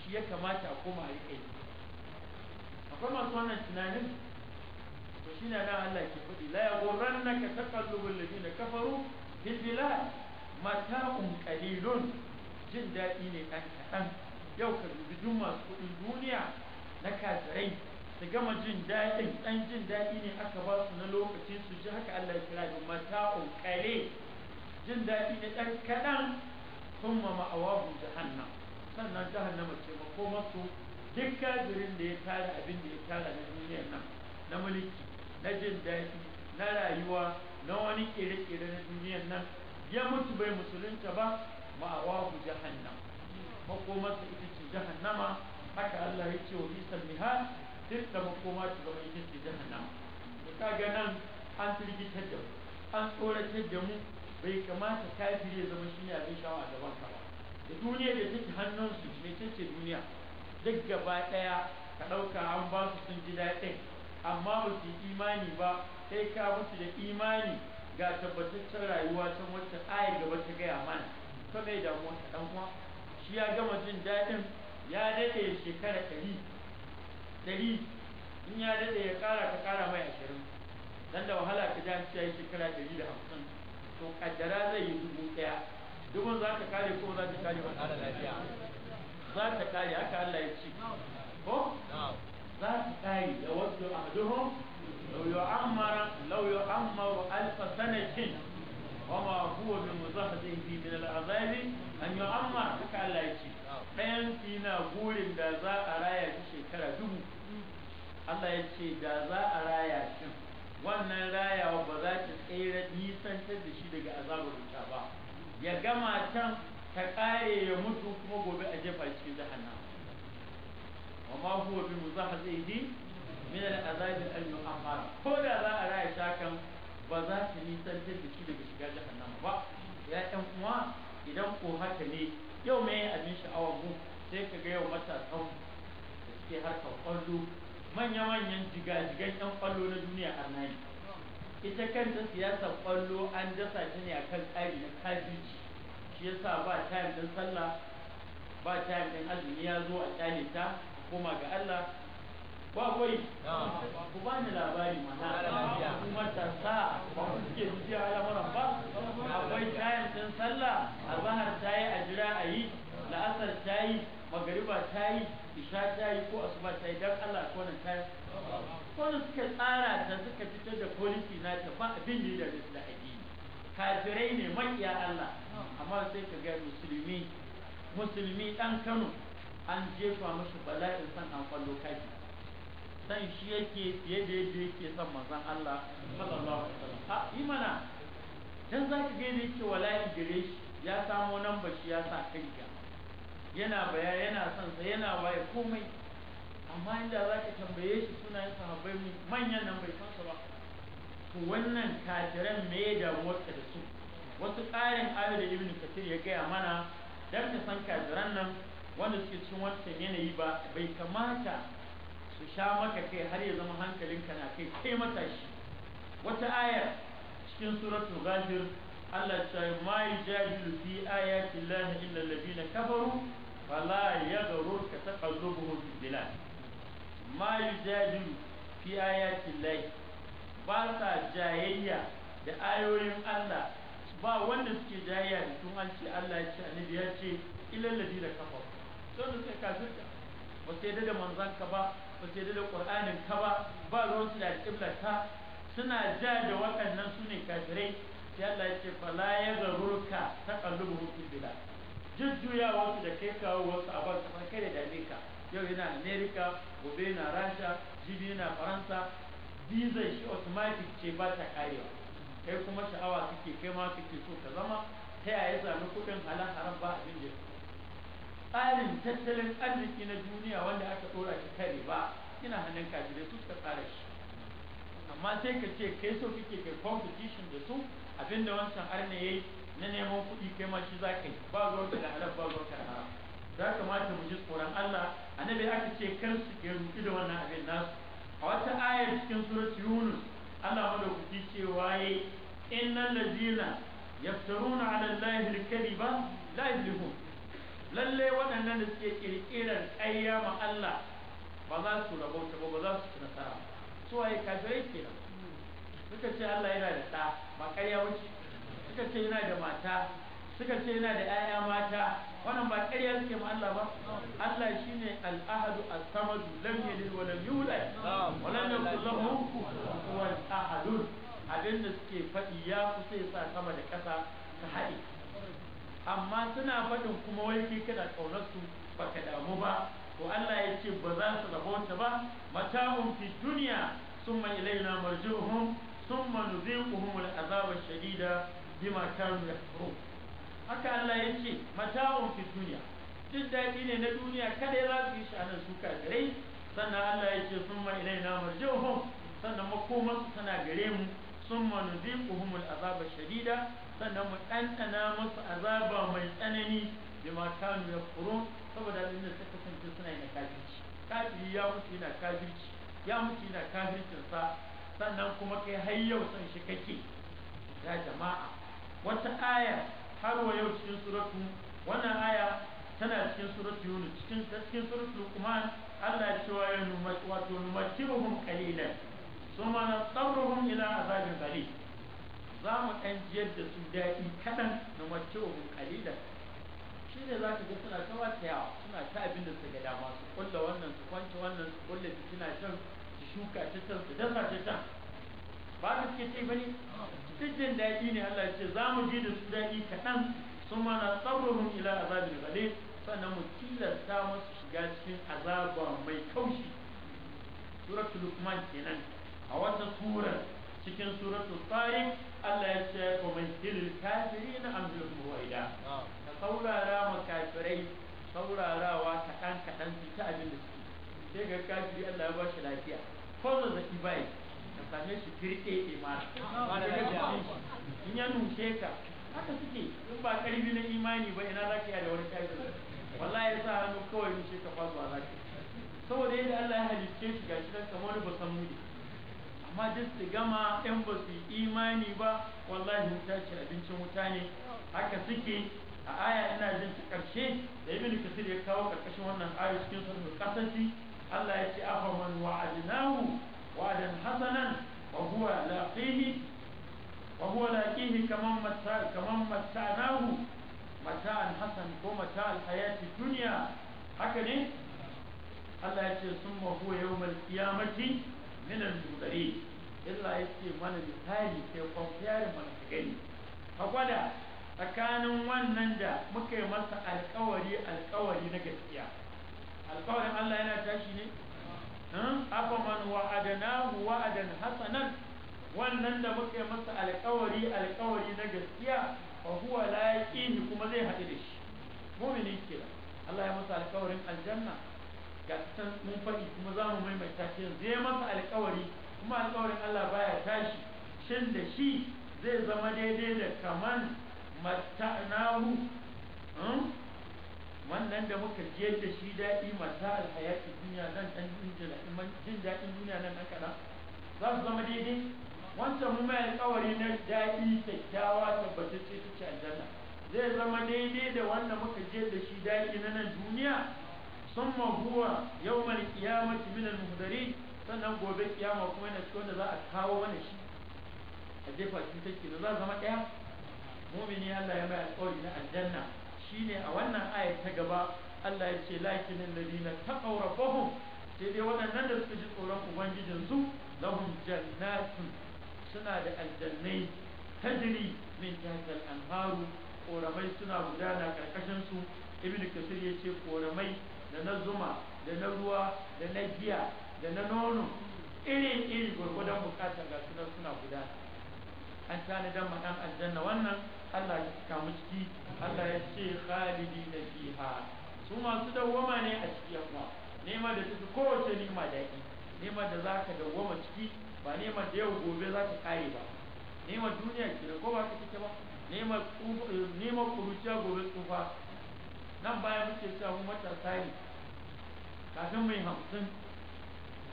shi ya kamata a koma a riƙe akwai masu wannan tunanin to shi na nan Allah ke faɗi la ya goran na ka taƙallubin lafi na kafaru bilbila mata'un ƙalilun jin daɗi ne ɗan kaɗan yau ka dubi duk masu kuɗin duniya na kazarai ta gama jin daɗin ɗan jin daɗi ne aka ba su na lokaci su ji haka Allah ya kira da mata'un kale jin daɗi ne ɗan kaɗan sun ma ma'awahu jahannan sannan jahannama ce ma ko masu duk da ya tara abin da ya tara na duniyar nan na mulki na jin daɗi na rayuwa na wani ƙere-ƙere na duniyar nan ya mutu bai musulunta ba ma'awahu jahannam makomarsa ita ce jahannama haka Allah ya ce wa bisan mihal duk da makoma su zama ita ce mu ta ga nan an firgitar da mu an tsoratar da mu bai kamata kafiri ya zama shi shine abin shawa a gaban ka ba da duniya da take hannunsu mai ce duniya duk gaba ɗaya ka ɗauka an ba su sun ji daɗin amma ba su yi imani ba sai ka musu da imani ga tabbataccen rayuwa ta wacce ayar gaba ta gaya mana to mai damuwa ka ɗan kuma shi ya gama jin daɗin ya daɗe shekara ɗari dari in ya dade ya kara ka kara mai ashirin dan da wahala ka ja shi yayi shekara dari da hamsin to kaddara zai yi dubu daya dubun za ta kare ko za ta kare ba kara lafiya za ta kare haka Allah ya ce ko za ta kare da wasu ahduhum law yu'ammara law yu'ammaru alf sanatin wama huwa bi muzahzihi min al'azabi an yu'ammar haka Allah ya ce ɗayan na gurin da za a raya shi shekara dubu Allah ya ce da za'a a raya shi wannan rayawa ba za ta tsere nisantar da shi daga azabar wuta ba ya gama ta ƙare mutu kuma gobe a jefa cikin وما هو بمزحزحه من العذاب ان يؤخر كل ذا راي شاكم ba za yi nisan da shi daga shiga jahannama ba ya ɗan kuma idan ko haka ne yau mai abin sha'awar mu sai ka ga yau matasan da suke harkar kwallo. manya-manyan jigajigan 'yan kwallo na duniya a nan ita ta siyasar kwallo an dasa ta ne akan tsari na kabici shi yasa ba time din sallah ba time din azumi ya zo a kyale ta koma ga Allah ba kwai ku ba ni labari mana kuma tarsa ba ku suke jiya al'amuran ba akwai tayin sun sallah albahar ta yi a jira a yi la'asar ta yi magariba ta yi isha ta yi ko asuba ta yi don allah ko na ta yi suka tsara ta suka fitar da polisi na ta ba abin yi da da addini kafirai ne maƙiya allah amma sai ka ga musulmi musulmi dan kano an jefa mashi bala'in san an kwallo kaji san shi yake fiye da yadda yake san manzon Allah sallallahu alaihi wasallam ha imana dan zaka ga yadda yake wallahi gare shi ya samo nan ba shi ya sa kai ga yana baya yana son sa yana waye komai amma inda za ka tambaye shi sunayen sahabbai manyan nan bai san su ba to wannan kafiran me ya damuwar da su wasu ƙarin ayo da ibnu kathir ya gaya mana dan ka san kafiran nan wanda suke cikin wancan yanayi ba bai kamata su sha maka kai har ya zama hankalinka na kai kai matashi wata ayar cikin suratul ghafir Allah ta yi ma yujahidu fi ayati llahi illa alladhina kafaru fala yaghrurka taqallubuhum fil bilad ma yujahidu fi ayati llahi ba sa jayayya da ayoyin Allah ba wanda suke jayayya da tun an ce Allah ya ce annabi ya ce illa alladhina kafaru sai da suka kafirta ba sai da manzanka ba ba su da ka ba ba ruwan su da alƙiblar suna ja da waɗannan su ne kafirai sai Allah ya ce fala ya garurka ta kallubu hukun bila jujjuyawa su da kai kawo wasu a bar kamar kai da dame ka yau yana Amerika gobe na Rasha jibi yana Faransa visa shi automatic ce ba ta karewa kai kuma sha'awa suke kai ma kake so ka zama ta yaya sami kuɗin halal haram ba abin da tsarin tattalin arziki na duniya wanda aka dora shi kare ba ina hannun kafirai su suka tsara shi amma sai ka ce kai so kike kai competition da su abinda wancan arna yayi na neman kuɗi kai ma shi za ka yi ba zuwa ka da ba zuwa ka da za ka mata mu ji tsoron Allah annabi aka ce kar su ke rufi da wannan abin nasu a wata ayar cikin surat Yunus Allah madaukaki cewa yayi innal ladina yaftaruna ala allahi al-kadiba la yuflihun lalle waɗannan da suke ƙirƙirar ƙarya ma Allah ba za su rabauta ba ba za su ci nasara su waye kafirai nan? suka ce Allah yana da ɗa ba ƙarya ba ce suka ce yana da mata suka ce yana da 'ya'ya mata wannan ba ƙarya suke ma Allah ba Allah shi ne ahadu a samadu lam yalid wa lam yulad wa lam yakul lahu kufuwan ahad abinda suke faɗi ya kusa ya sa sama da ƙasa ta haɗe amma suna faɗin kuma wai kai kana ƙaunar su baka damu ba to Allah ya ce ba za su rabauta ba mata'un fi dunya summa ilaina marji'uhum summa al'azab ash shadida bima kanu yahrum haka Allah ya ce mata'un fi duniya duk daɗi ne na duniya kada za su yi shanan su gare. sannan Allah ya ce summa ilaina marji'uhum sannan makomansu tana gare mu summa al'azab ash shadida sannan mu ɗanɗana musu azaba mai tsanani da makanu ya furu saboda abin da suka kasance suna yana kafirci kafiri ya mutu yana kafirci ya mutu yana kafircinsa sannan kuma kai har yau san shi kake ya jama'a wata aya har wa yau cikin suratu wannan aya tana cikin suratu yunu cikin cikin suratu kuma Allah ya ce wa yanu wato numakiruhum qalilan suma nasarruhum ila azabin qalil za mu ɗan jiyar da su daɗi kaɗan na mace wa kalilan shi ne za ka ga suna ta yawa suna ta abin da suka dama su kulla wannan su kwanci wannan su kulla suna can su shuka ta can su dasa ta can ba ka suke ce bane cikin daɗi ne Allah ya ce za mu ji da su daɗi kaɗan sun mana tsarruhun ila azabin gale sannan mu tilasta masu shiga cikin azaba mai kaushi suratul lukman kenan a wata surar cikin suratul farin Allah ya ce ko dil kafiri na amzir muwaida ka saurara makafirai saurarawa kaɗan kaɗan su ta abin da su sai ga kafiri Allah ya ba shi lafiya ko zazzaɓi bai ka same shi kirɗe ɗe ma in ya nushe ka haka suke in ba ƙarfi na imani ba ina za ka yi da wani kafiri wallahi ya sa hannu kawai nushe ka fasuwa za ka saboda yadda Allah ya halicce shi gashi nan kamar wani basan amma duk su gama in ba su imani ba wallahi wuta ce abincin wuta ne haka suke a aya ina jin ta ƙarshe da ibn kasir ya kawo ƙarƙashin wannan aya cikin sunan kasasi Allah ya ce afa man wa'adnahu wa'adan hasanan wa huwa laqihi wa huwa laqihi kaman matta kaman matta'nahu mata'an hasan ko mata'al hayati dunya haka ne Allah ya ce summa huwa yawmal qiyamati min al-mudari yake mana misali sai comparing mana ka gani ka gwada tsakanin wannan da muka masa alkawari alkawari na gaskiya alkawarin Allah yana tashi ne hmm? afa man wa'adanahu wannan da muka masa alkawari alkawari na gaskiya fa huwa la yaqini kuma zai haɗu da shi mu'mini kira Allah ya masa alkawarin aljanna ga ta mun faɗi kuma za mu maimaita shi ya masa alƙawari kuma alƙawarin Allah baya tashi shin da shi zai zama daidai da kaman mata'nahu hmm? wannan da muka je da shi daɗi mata alhayati duniya nan ɗan jin daɗin duniya nan ɗan kaɗan za su zama daidai wancan mu mai alƙawari na daɗi kyakkyawa tabbatacce ta ce aljanna zai zama daidai da wanda muka je da shi daɗi na nan duniya ثم هو يوم القيامة من المهدرين sannan gobe kiyama kuma yana cikin wanda za a kawo mana shi a jefa cikin take da za zama ɗaya mumini Allah ya mai alƙawari na aljanna shine a wannan ayar ta gaba Allah ya ce lakin alladina taqaw rabbahum sai dai waɗannan da suka ji tsoron ubangijin su lahum jannatun suna da aljannai tajri min tahtil anharu koramai suna gudana karkashin su ibnu kasir yace koramai da na zuma da na ruwa da na giya da na nono irin iri gwargwadon bukatar ga suna suna guda an tani dan madan aljanna wannan Allah ya cika mu ciki Allah ya ce khalidi da fiha su masu dawwama ne a ciki kuma nema da su kowace nima daɗi nema da zaka dawwama ciki ba nema da yau gobe zaka kare ba nema duniya ki ko ba ka ba nema eh, nema kuruciya gobe tsufa nan baya muke cewa mu matasa ne kafin mai hamsin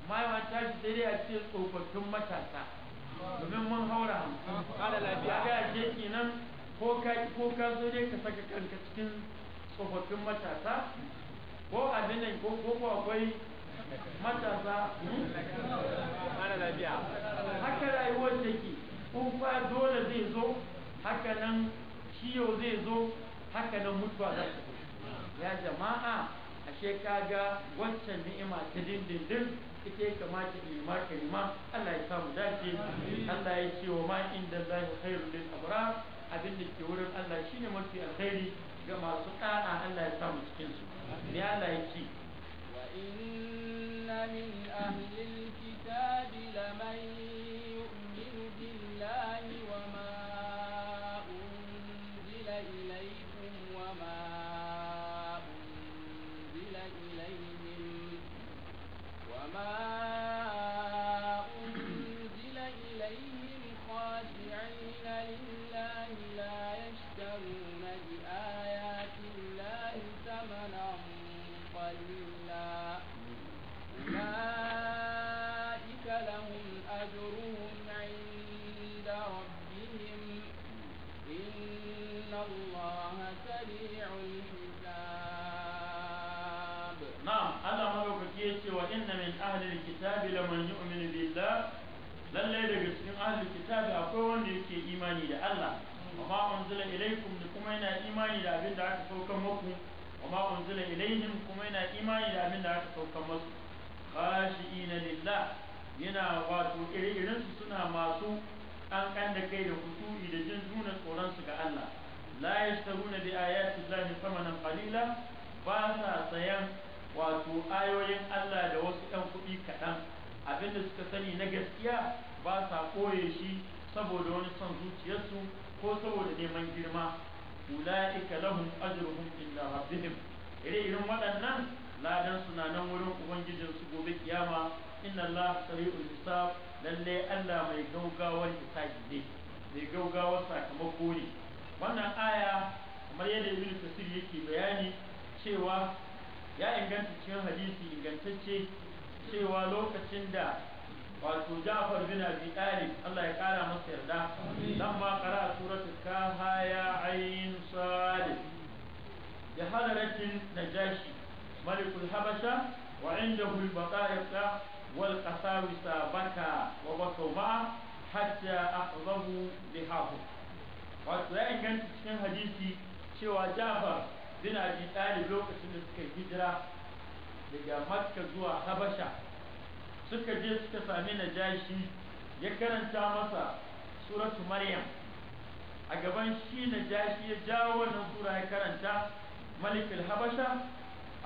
ma ta ji dai a ce tsofaffin matasa domin mun haura hamsin kala lafiya ga ake kenan ko ka ko ka zo dai ka saka kanka cikin tsofaffin matasa ko a dinan ko ko akwai matasa kala lafiya haka rayuwar take tsufa dole zai zo haka nan ciyo zai zo haka nan mutuwa zai ya jama'a ashe ka ga wancan ni'ima ta dindindin ita ya kamata ilimar kalima Allah ya samu dace Allah ya ce wa ma inda ka kai lil abin da ke wurin Allah shi ne mafi alkhairi ga masu ƙana Allah ya samu cikin su ne Allah ya ce wa inna min yu'minu billahi wa ma أنزل إليهم خاشعين لله لا يشترون بآيات الله ثمنا قليلا na Allah madaukaki ya ce wa inna min ahlil kitabi laman yu'minu billah lallai daga cikin ahlil kitabi akwai wanda yake imani da Allah amma unzila ilaikum da kuma yana imani da abin aka saukan muku amma unzila ilaihim kuma yana imani da abin da aka saukan musu khashi'ina lillah yana wato ire-iren su suna masu kankan da kai da kusuri da jin nuna tsoron su ga Allah la yashtaruna bi ayati llahi thamanan qalila ba sa sayan wato ayoyin Allah da wasu ɗan kuɗi kaɗan abinda suka sani na gaskiya ba sa koye shi saboda wani son zuciyarsu ko saboda neman girma ula'ika lahum ajruhum inda rabbihim ire irin waɗannan ladan suna nan wurin ubangijin su gobe kiyama inna Allah sari'ul hisab lalle Allah mai gaugawar hisabi ne mai gaugawar sakamako ne wannan aya kamar yadda Ibn Kasir yake bayani cewa ya inganta cikin hadisi ingantacce cewa lokacin da wato Ja'far bin Abi Talib Allah ya kara masa yarda dan ma qara suratul kaha ya ayn sad ya hadaratin najashi malikul habasha wa indahu al-baqa'iqa wal qasawisa baka wa bakuma hatta ahdahu lihahu wato ya inganta cikin hadisi cewa Ja'far suna ji talib lokacin da suka hijira daga makka zuwa habasha suka je suka sami najashi ya karanta masa suratu maryam a gaban shi najashi ya jawo wannan sura ya karanta malikul habasha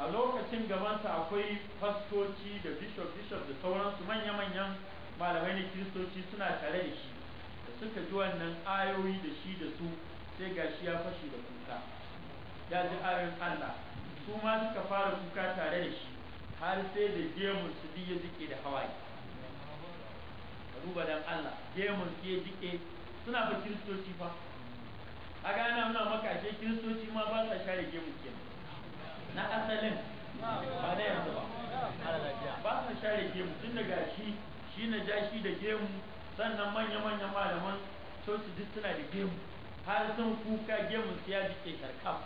a lokacin gabansa akwai fastoci da bishop bishop da sauransu manya-manyan malamai na kiristoci suna tare da shi da suka ji wannan ayoyi da shi da su sai gashi ya fashi da kuka ya ji ayoyin Allah su ma suka fara kuka tare da shi har sai da gemun su ya jike da hawaye ka dan Allah gemun su ya jike suna ba kiristoci fa a gana muna maka ashe kiristoci ma ba sa share gemun ke na asalin ba na yanzu ba ba sa share gemu tun daga shi shi na ja shi da gemu sannan manya manya malaman sosu duk suna da gemu har sun kuka gemun su ya jike sharkaf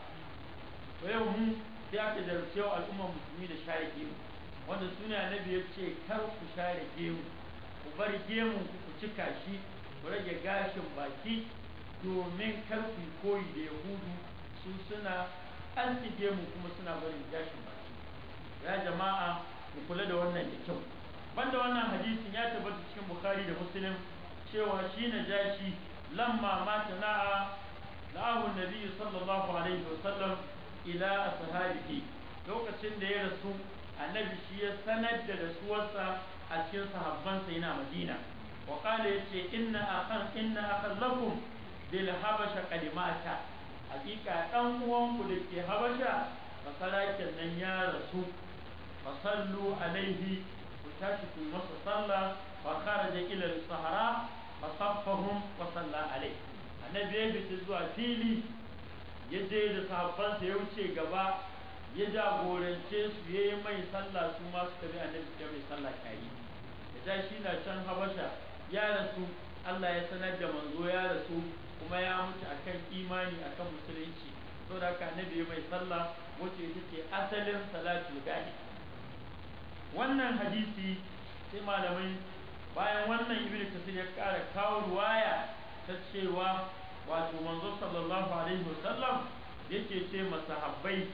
to yau mu sai aka jarabce wa al'ummar musulmi da share gemu wanda suna na ya ce kar ku share gemu ku bar gemu ku cika shi ku rage gashin baki domin kar ku koyi da yahudu su suna an gemu kuma suna barin gashin baki ya jama'a ku kula da wannan da kyau banda wannan hadisin ya tabbata cikin bukhari da muslim cewa shi na jashi lamma mata na'a la'ahu nabi sallallahu alaihi wasallam ila ashabihi lokacin da ya rasu annabi shi ya sanar da rasuwarsa a cikin sahabbansa yana madina wa qala yace inna akan inna akan bil habasha kalimata hakika dan uwanku da ke habasha masarakin nan ya rasu fasallu alaihi ku tashi ku masa sallah fa kharaja ila sahara fa saffahum wa salla alaihi annabi ya fita zuwa fili ya je da sahabbansa ya wuce gaba ya jagorance su ya yi mai sallah su ma su tabi annabi ya mai sallah kayi ya shi na can habasha ya rasu Allah ya sanar da manzo ya rasu kuma ya mutu akan imani akan musulunci da haka annabi mai sallah wacce ita ce asalin salatu gadi wannan hadisi sai malamai bayan wannan ibnu kasir ya kara kawo ruwaya ta cewa wato manzo sallallahu alaihi wasallam yake ce masahabbai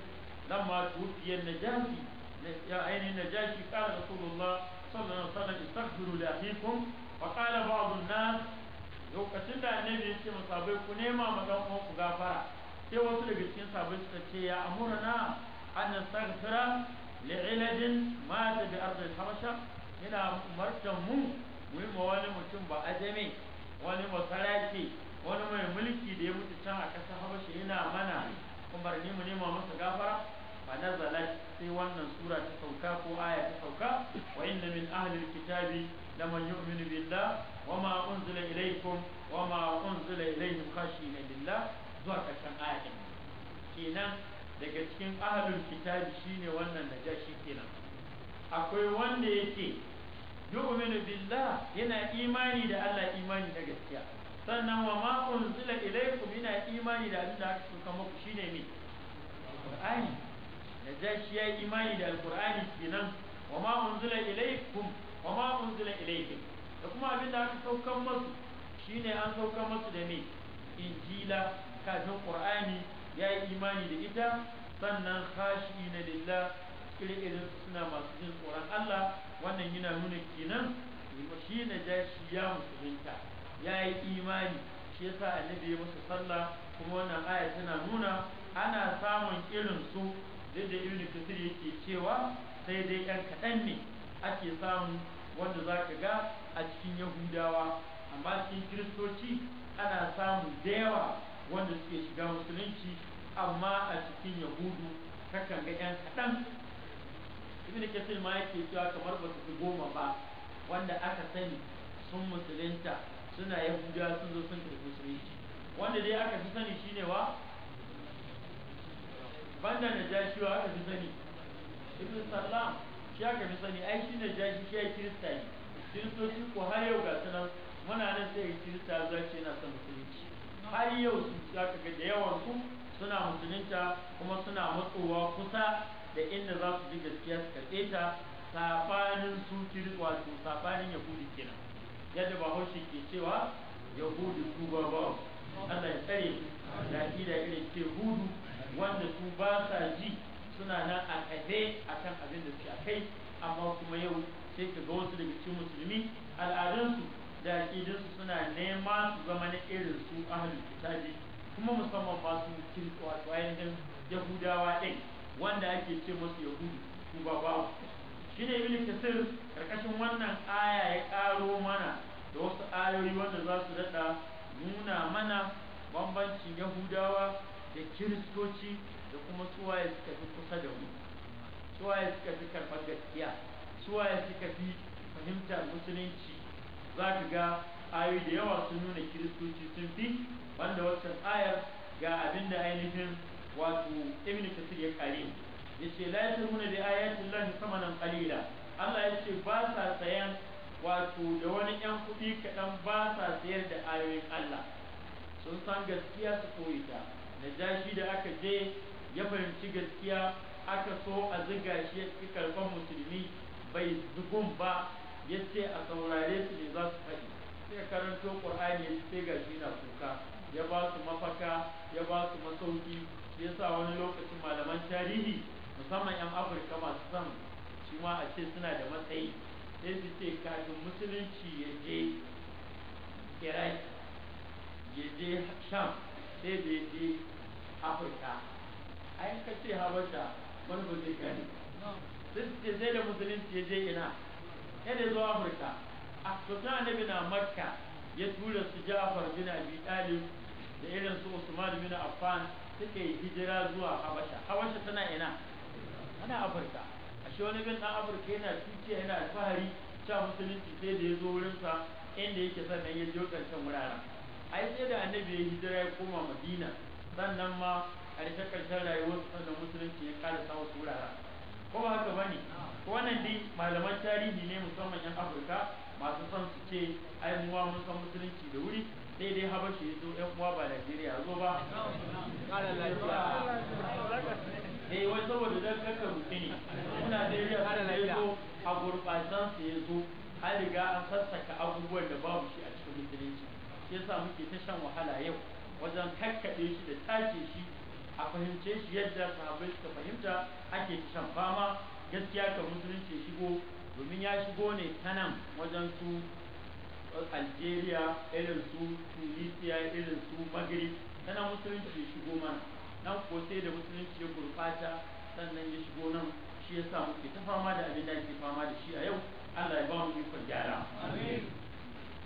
ma tufiyan najasi ya aini najashi qala rasulullah sallallahu alaihi wasallam istaghfiru li akhikum wa qala ba'd an-nas lokacin da annabi yake masahabbai ku nema magan dan ku gafara sai wasu daga cikin sahabbai suka ce ya amurna an nastaghfira li'iladin mata bi ardil habasha yana martan mu mu yi ma wani mutum ba ajami wani masaraki wani mai mulki da ya mutu can a ƙasar habashi yana mana umarni mu nema masa gafara fa nazalat sai wannan sura ta sauka ko aya ta sauka wa inna min ahli alkitabi laman yu'minu billah wa ma unzila ilaykum wa ma unzila ilayhim khashina lillah zuwa ƙarshen aya Ke kenan daga cikin ahlul kitabi shine wannan najashi kenan akwai wanda yake yu'minu billah yana imani da Allah imani na gaskiya sannan wa ma unzila ilaykum ina imani da abin da aka sauka muku shine mai qur'ani da shi ya imani da alqur'ani kenan wa ma unzila ilaykum wa ma unzila ilaykum da kuma abin da aka sauka musu shine an sauka masu da mai injila kafin qur'ani ya yi imani da ita sannan khashina lillah kirkirin suna masu jin tsoron Allah wannan yana nuna kenan shi na jashi ya musulunta ya yi imani shi yasa annabi ya masa sallah kuma wannan aya tana nuna ana samun irin su yadda da kasir yake cewa sai dai yan kaɗan ne ake samu wanda za ka ga a cikin yahudawa amma cikin kiristoci ana samu da yawa wanda suke shiga musulunci amma a cikin yahudu kakan ga yan kaɗan ibn kasir ma yake cewa kamar ba su goma ba wanda aka sani sun musulunta suna yahuda sun zo sun karbi musulunci wanda dai aka fi sani shine wa banda na jashiwa aka fi sani ibn Sallah shi aka fi sani ai shi na jashi shi ya kirista ne kiristoci ko har yau ga sunan muna nan sai ya kirista za ce yana son musulunci har yau su aka ga da yawan su suna musulunta kuma suna matsowa kusa da inda za su ji gaskiya su karɓe ta safanin su kirista su safanin yahudi kenan yadda ba ke cewa yahudu su ba ba Allah ya tsare da ila ila ke hudu wanda su ba sa ji suna nan a a akan abin da suke a kai amma kuma yau sai ka ga wasu daga cikin musulmi al'adunsu da aƙidunsu suna nema su zama na irin su ahlul kitabi kuma musamman ba su kirkwa yahudawa ɗin wanda ake ce musu yahudu su ba ba shi ne ibn kasir karkashin wannan aya ya karo mana da wasu ayoyi wanda za su daɗa nuna mana bambancin yahudawa da kiristoci da kuma suwaye suka fi kusa da mu suwaye suka fi karɓar gaskiya suwaye suka fi fahimtar musulunci za ka ga ayoyi da yawa sun nuna kiristoci sun fi wanda wancan ayar ga abinda ainihin wato ibn kasir ya kare mu yace la da bi ayati llahi samanan qalila Allah yace ba sa sayan wato da wani yan kuɗi kaɗan ba sa sayar da ayoyin Allah sun san gaskiya su koyi ta najashi da aka je ya fahimci gaskiya aka so a ziga shi ya ci karfan musulmi bai zugun ba ya ce a saurare su ne za su faɗi sai karanto qur'ani ya sai ga shi na kuka ya ba su mafaka ya ba su masauki shi yasa wani lokacin malaman tarihi musamman 'yan afirka masu son shi ma a ce suna da matsayi sai su ce kafin musulunci ya je iraq ya je sham sai da ya je afirka a ka ce habasha wani ba zai gani sai su ce sai da musulunci ya je ina ya da zo afirka a sosai annabi na makka ya tura su ja'far bin abi talib da irin su usman bin affan suka yi hijira zuwa habasha habasha tana ina ana afirka ashe wani bin dan afirka yana cuce yana alfahari cewa musulunci sai da ya zo wurinsa inda yake sannan ya je ƙarshen wuraren ai sai da annabi ya hijira ya koma madina sannan ma ƙarshe ƙarshen rayuwarsa sannan musulunci ya ƙara sa wasu wuraren ko ba haka bane wannan dai malaman tarihi ne musamman yan afirka masu son su ce ai muwa mun san musulunci da wuri sai dai habashi ya zo yan uwa ba najeriya zo ba eh wai saboda dan kaka rufe ne ina da riya har ya zo a gurbatan ya zo an riga an sassaka abubuwan da babu shi a cikin musulunci shi yasa muke ta shan wahala yau wajen kakkaɗe shi da tace shi a fahimce shi yadda sahabbai suka fahimta ake shan fama gaskiya ka musulunci shigo domin ya shigo ne ta nan wajen su algeria irin su tunisia irin su maghrib tana musulunci shigo mana nan ko sai da musulunci ya gurbata sannan ya shigo nan shi yasa muke ta fama da abin da ake fama da shi a yau Allah ya ba mu ikon gyara amin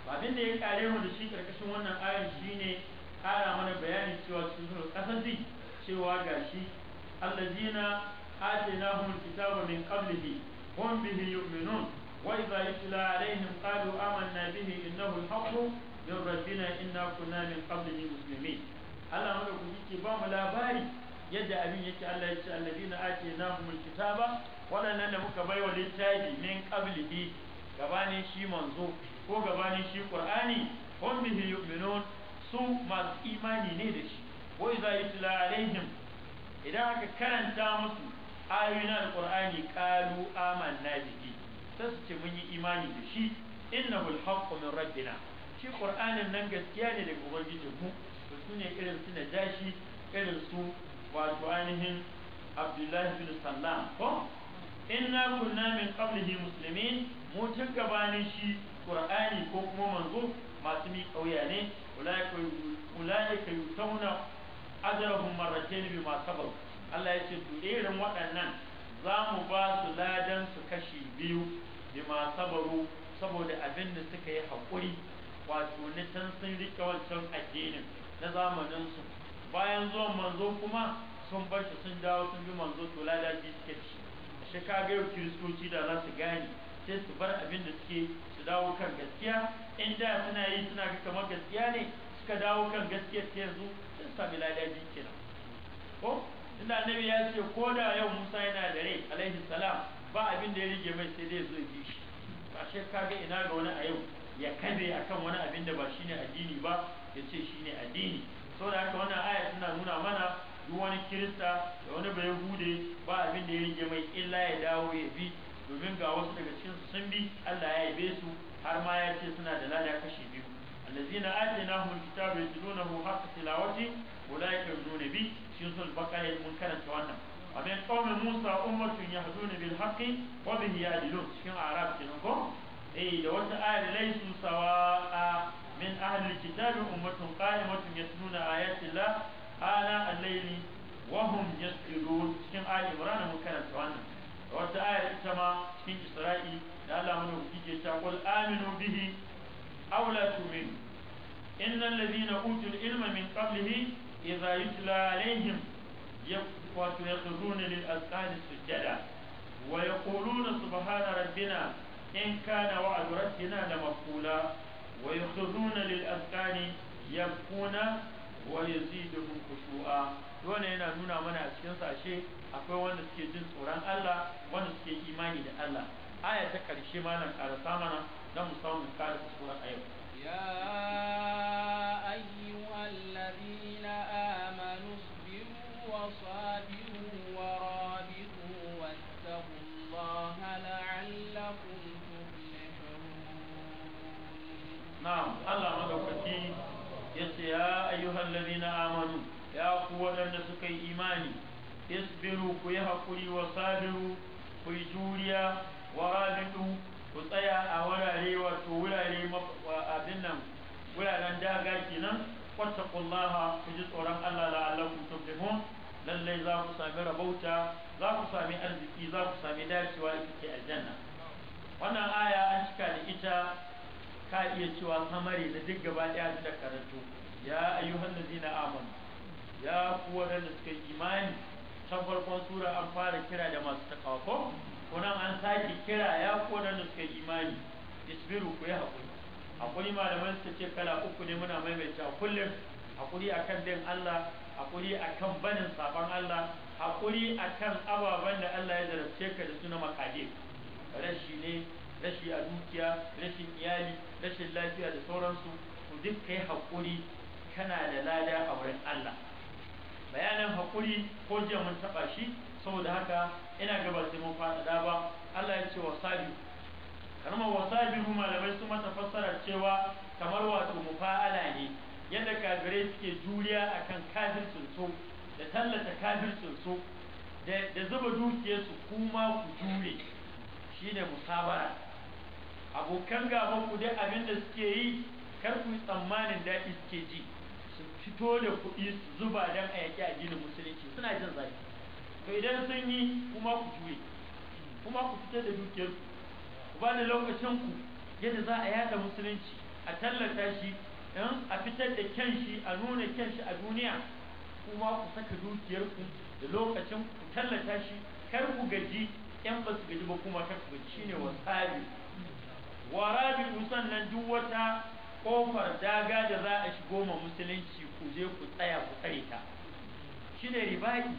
abin da ya kare mu da shi karkashin wannan ayar shine kara mana bayani cewa cikin kasar zai cewa gashi allazina atainahum alkitaba min qablihi hum bihi yu'minun وإذا يتلى عليهم قالوا آمنا به إنه الحق من ربنا إنا كنا min قبله مسلمين Allah ku ke ba mu labari yadda abin yake Allah ya ce alladina atainahumul kitaba waɗannan da muka baiwa littafi min bi gabanin shi manzo ko gabanin shi qur'ani hum bihi yu'minun su masu imani ne da shi wa idza yutla alaihim idan aka karanta musu ayoyin alqur'ani qalu amanna bihi sai su ce mun yi imani da shi innahu alhaqqu min rabbina shi qur'anin nan gaskiya ne daga ubangijinmu mu su ne irin su najashi irin su wato ainihin abdullahi bin sallam ko inna kunna min qablihi muslimin mu tun gabanin shi qur'ani ko kuma manzo masu mi kauya ne ulaika yutawna ajrahum marratayn bima sabaru Allah ya ce irin waɗannan za mu ba su ladan su kashi biyu bima sabaru saboda abin da suka yi haƙuri wato na can sun riƙe wancan addinin na zamanin su bayan zuwan manzo kuma sun bar shi sun dawo sun bi manzo to lalaci suke ci shi ka ga yau kiristoci da za su gane sai su bar abin da suke su dawo kan gaskiya in da suna yi suna ga kamar gaskiya ne suka dawo kan gaskiya ta yanzu sun sami lalaci kenan ko inda annabi ya ce ko da yau Musa yana da rai alaihi salam ba abin da ya rige mai sai dai zo yi shi ba shi ka ga ina ga wani a yau ya a kan wani abin da ba shi ne addini ba ya ce shine addini sau da haka wannan aya suna nuna mana duk wani kirista da wani bai hude ba abin da ya rige mai illa ya dawo ya bi domin ga wasu daga cikin su sun bi Allah ya yabe su har ma ya ce suna da lada kashi biyu allazina atainahum alkitaba yatlunahu haqqa tilawati ulaika yu'minuna bi shin sun bakara mun karanta wannan ومن قوم موسى أمة يهدون بالحق وبه يعدلون شنو أعراب ko E, da wata ayar laysu a min ahli alkitabi ummatun qa'imatun yatluna ayati la ana al-layli wa hum yasjudun cikin ayar Imran mun karanta wannan da wata ayar ita ma cikin Isra'i da Allah mun kike ta qul aminu bihi aw la tu'minu innal ladhina utul ilma min qablihi idha yutla alaihim yaquluna lil asqani sujada ويقولون سبحان ربنا إن كان وعد ربنا لمقولا ويخرجون للأذقان يبكون ويزيدهم خشوعا dole yana nuna mana a cikin sashe akwai wanda suke jin tsoron Allah wanda suke imani da Allah aya ta karshe malam karasa mana don mu samu kare kusurar a yau ya ayyuhal ladina amanu sabiru wa sabiru wa rabitu wattaqullaha la'allakum na'am Allah madaukaki yace ya ayyuhal ladina amanu ya ku waɗanda suka yi imani isbiru ku yi hakuri wa sabiru ku juriya wa rabitu ku tsaya a wurare wato wurare abin nan wuraren daga kenan wattaqullaha ku ji tsoron Allah la'allakum tuflihun lallai za ku sami rabauta za ku sami arziki za ku sami dacewa da a aljanna wannan aya an cika da ita ka iya cewa samari da duk gaba ɗaya da karatu ya ayyuhan zina amon ya kuwa da suka yi imani can farkon sura an fara kira da masu takawa ko an sake kira ya kuwa da suka yi imani isbiru ku yi haƙuri akwai malaman suka ce kala uku ne muna maimaita kullum haƙuri kan bin Allah haƙuri kan banin sabon Allah haƙuri kan ababen da Allah ya zarafce ka da suna makade rashi ne rashi a dukiya rashin iyali rashin lafiya da sauransu ku duk kai haƙuri kana da lada a wurin Allah bayanan haƙuri ko jiya mun taɓa shi saboda haka ina gabatar sai mun faɗaɗa ba Allah ya ce wasabi kalmar wasabi mu malamai su mata fassara cewa kamar wato mufa'ala ne yadda kafirai suke juriya akan kafircin su da tallata kafircin su da zuba dukiyarsu kuma ku jure shi ne musabara abokan gaban ku dai abin da suke yi kar ku tsammanin daɗi suke ji su fito da kuɗi su zuba don a yaƙi addinin musulunci suna jin zafi to idan sun yi kuma ku juye kuma ku fitar da dukiyar ku ba da lokacin ku yadda za a yada musulunci a tallata shi don a fitar da kyan shi a nuna kyan shi a duniya kuma ku saka dukiyar ku da lokacin ku tallata shi kar ku gaji yan ba su gaji ba kuma kar ku gaji shine wasari warabi sannan duk wata kofar daga da za a shigo ma musulunci ku je ku tsaya ku tsare ta shi ne ribai nan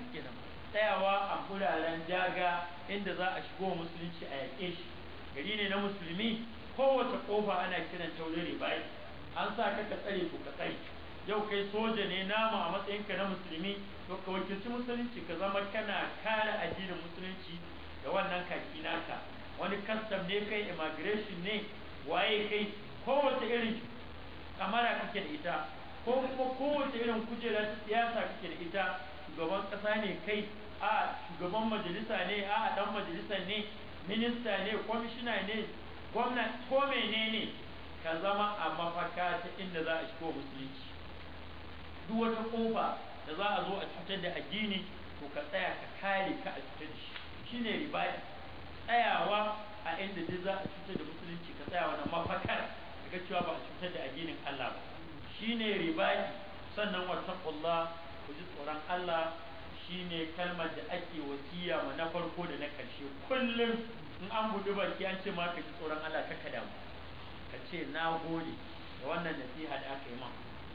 tsayawa a kuraren daga inda za a shigo musulunci a yaƙe shi gari ne na musulmi kowace kofa ana kiran ta wani an sa ka ka tsare ku ka tsare yau kai soja ne nama a matsayinka na musulmi to ka wakilci musulunci ka zama kana kare addinin musulunci da wannan kaki naka wani kastam ne kai immigration ne waye kai kowace irin kamara kake da ita ko kuma kowace irin kujera ta siyasa kake da ita shugaban kasa ne kai a shugaban majalisa ne a dan majalisa ne minista ne kwamishina ne gwamna ko menene ka zama a mafaka ta inda za a shigo musulunci duk wata kofa da za a zo a cutar da addini to ka tsaya ka kare ka a cutar da shi shine ribai tsayawa a inda dai za a cutar da musulunci ka tsaya wani mafakar daga cewa ba a cutar da addinin Allah ba shine ribaki sannan wattaqullah ku ji tsoron Allah shine kalmar da ake wasiya ma na farko da na karshe kullum in an budu baki an ce ma ka ji tsoron Allah ka kada mu ka ce na gode da wannan nasiha da aka yi ma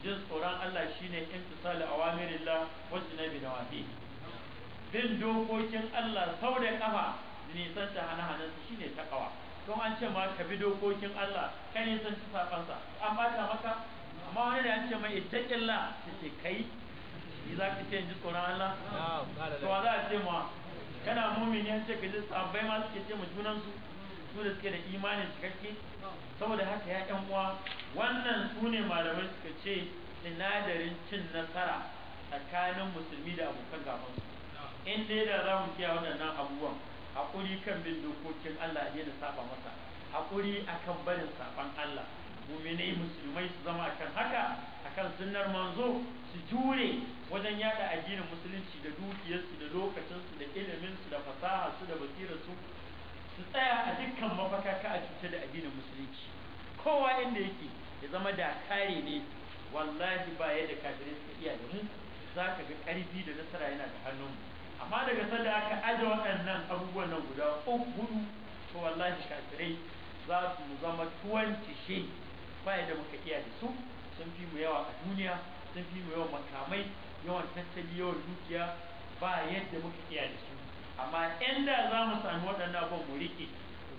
jin tsoron Allah shine intisalu awamirillah wa jinabi nawafi bin dokokin Allah sau da kafa nisan ta hana shi shine takawa don an ce ma ka bi dokokin Allah ka san ci safansa an bata maka amma wani da an ce mai ittaqilla sai kai ni za ka ce in ji tsoron Allah to za a ce ma kana mumini an ce ka ji sabai ma suke ce mu junansu su da suke da imanin cikakke saboda haka ya ƴan uwa wannan su ne malamai suka ce sinadarin cin nasara tsakanin musulmi da abokan gabansu in dai da za mu kiyaye wannan abubuwan hakuri kan bin dokokin Allah ya da saba masa hakuri akan barin saban Allah muminai musulmai su zama akan haka akan sunnar manzo su jure wajen yada addinin musulunci da dukiyarsu da lokacinsu da iliminsu da fasaha su da basirarsu su tsaya a dukkan mafaka ka a cuta da addinin musulunci kowa inda yake ya zama da kare ne wallahi ba yadda kafirai suka iya da mu za ka ga ƙarfi da nasara yana da hannunmu amma daga sanda aka ajiye waɗannan abubuwan nan guda uku hudu to wallahi kafirai za su zama tuwon shi ba da muka iya da su sun fi mu yawa a duniya sun fi mu yawan makamai yawan tattali yawan dukiya ba yadda muka iya da su amma inda za mu sami waɗannan abubuwan mu riƙe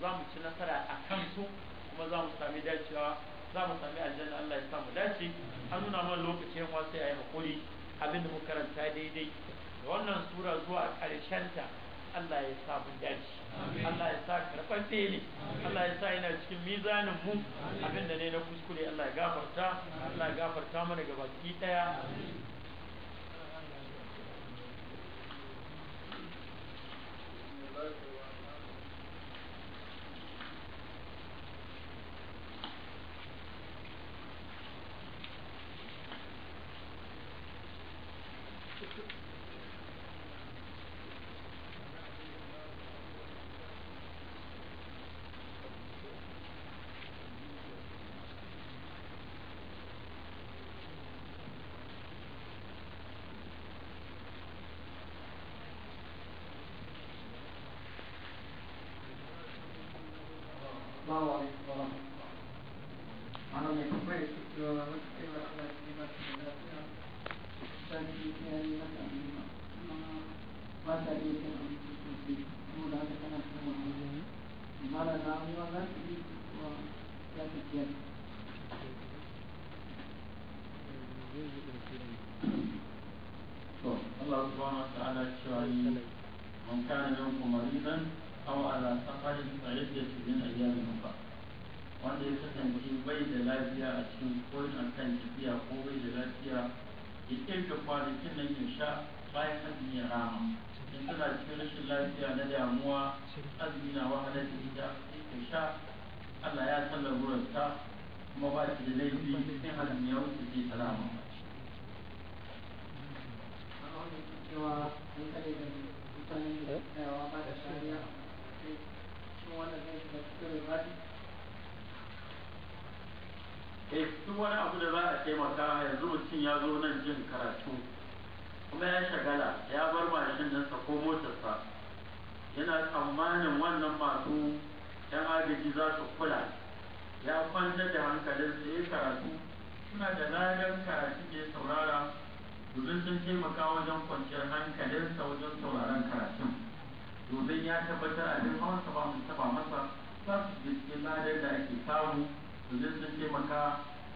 za mu ci nasara a kan su kuma za mu sami dacewa za mu sami aljanna Allah ya samu dace an nuna mana lokacin wasu sai yi hakuri abinda mu karanta daidai da wannan sura zuwa ƙarshenta Allah ya sa mu dace Allah ya sa karɓar ne Allah ya sa ina cikin mizanin mu abinda ne na kuskure Allah ya gafarta Allah ya gafarta mana gabaki ɗaya daya wani abu da za a taimaka yanzu mutum ya zo nan jin karatu kuma ya shagala ya bar mashin ɗinsa ko motarsa yana tsammanin wannan masu yan agaji za su kula ya kwanta da su ya karatu suna da ladan karatu ke saurara domin sun taimaka wajen kwanciyar hankalinsa wajen sauraron karatun domin ya tabbatar a duk hawansa ba mu taba masa za su cikin ladan da ake samu domin sun taimaka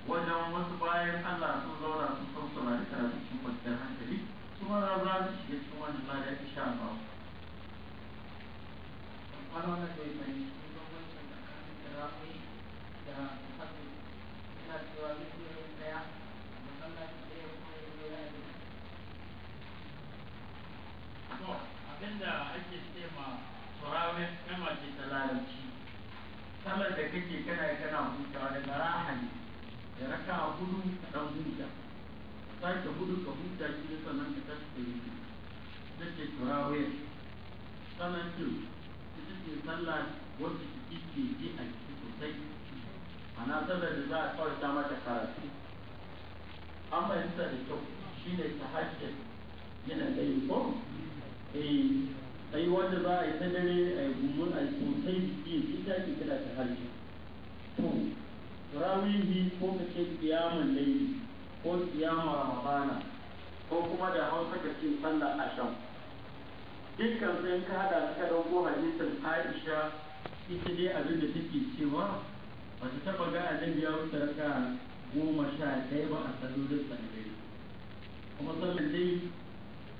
wajen wasu bayan Allah sun zauna sun sausala da karatu cikin kwanciyar hankali kuma na za su shiga cikin wannan lada ta sha ba. Kwanan wannan sun da tafi yana cewa zai iya ya To abinda ake ce ma ce ta Sallar da kake kana kana hutawa da raha ya raka a hudu ɗan dan huta sake hudu ka huta shi ne sannan ka tashi da yi ta ke turawiyar sannan ce ita ce sallah wasu su ke ji a ciki sosai ana sallar da za a ta mata karatu an fahimta da kyau shi ne ta hajjar yana da yi ko eh, a yi wanda za a yi ta dare a yi gumun a yi sosai jiki ya ci ta ke kira ta hajjar to rawihi ko ka ce kiyamun laili ko kiyamun ramadana ko kuma da hausa ka ce sallar asham dukkan sai ka hada suka dauko hadisin aisha ita ne abin da take cewa ba ta taba ga annabi ya wuce raka goma sha ɗaya ba a sallolin sallai kuma sallar dai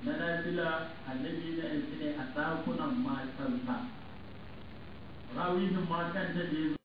na nafila annabi na yanzu ne a ɗakunan matansa rawihin matan da ne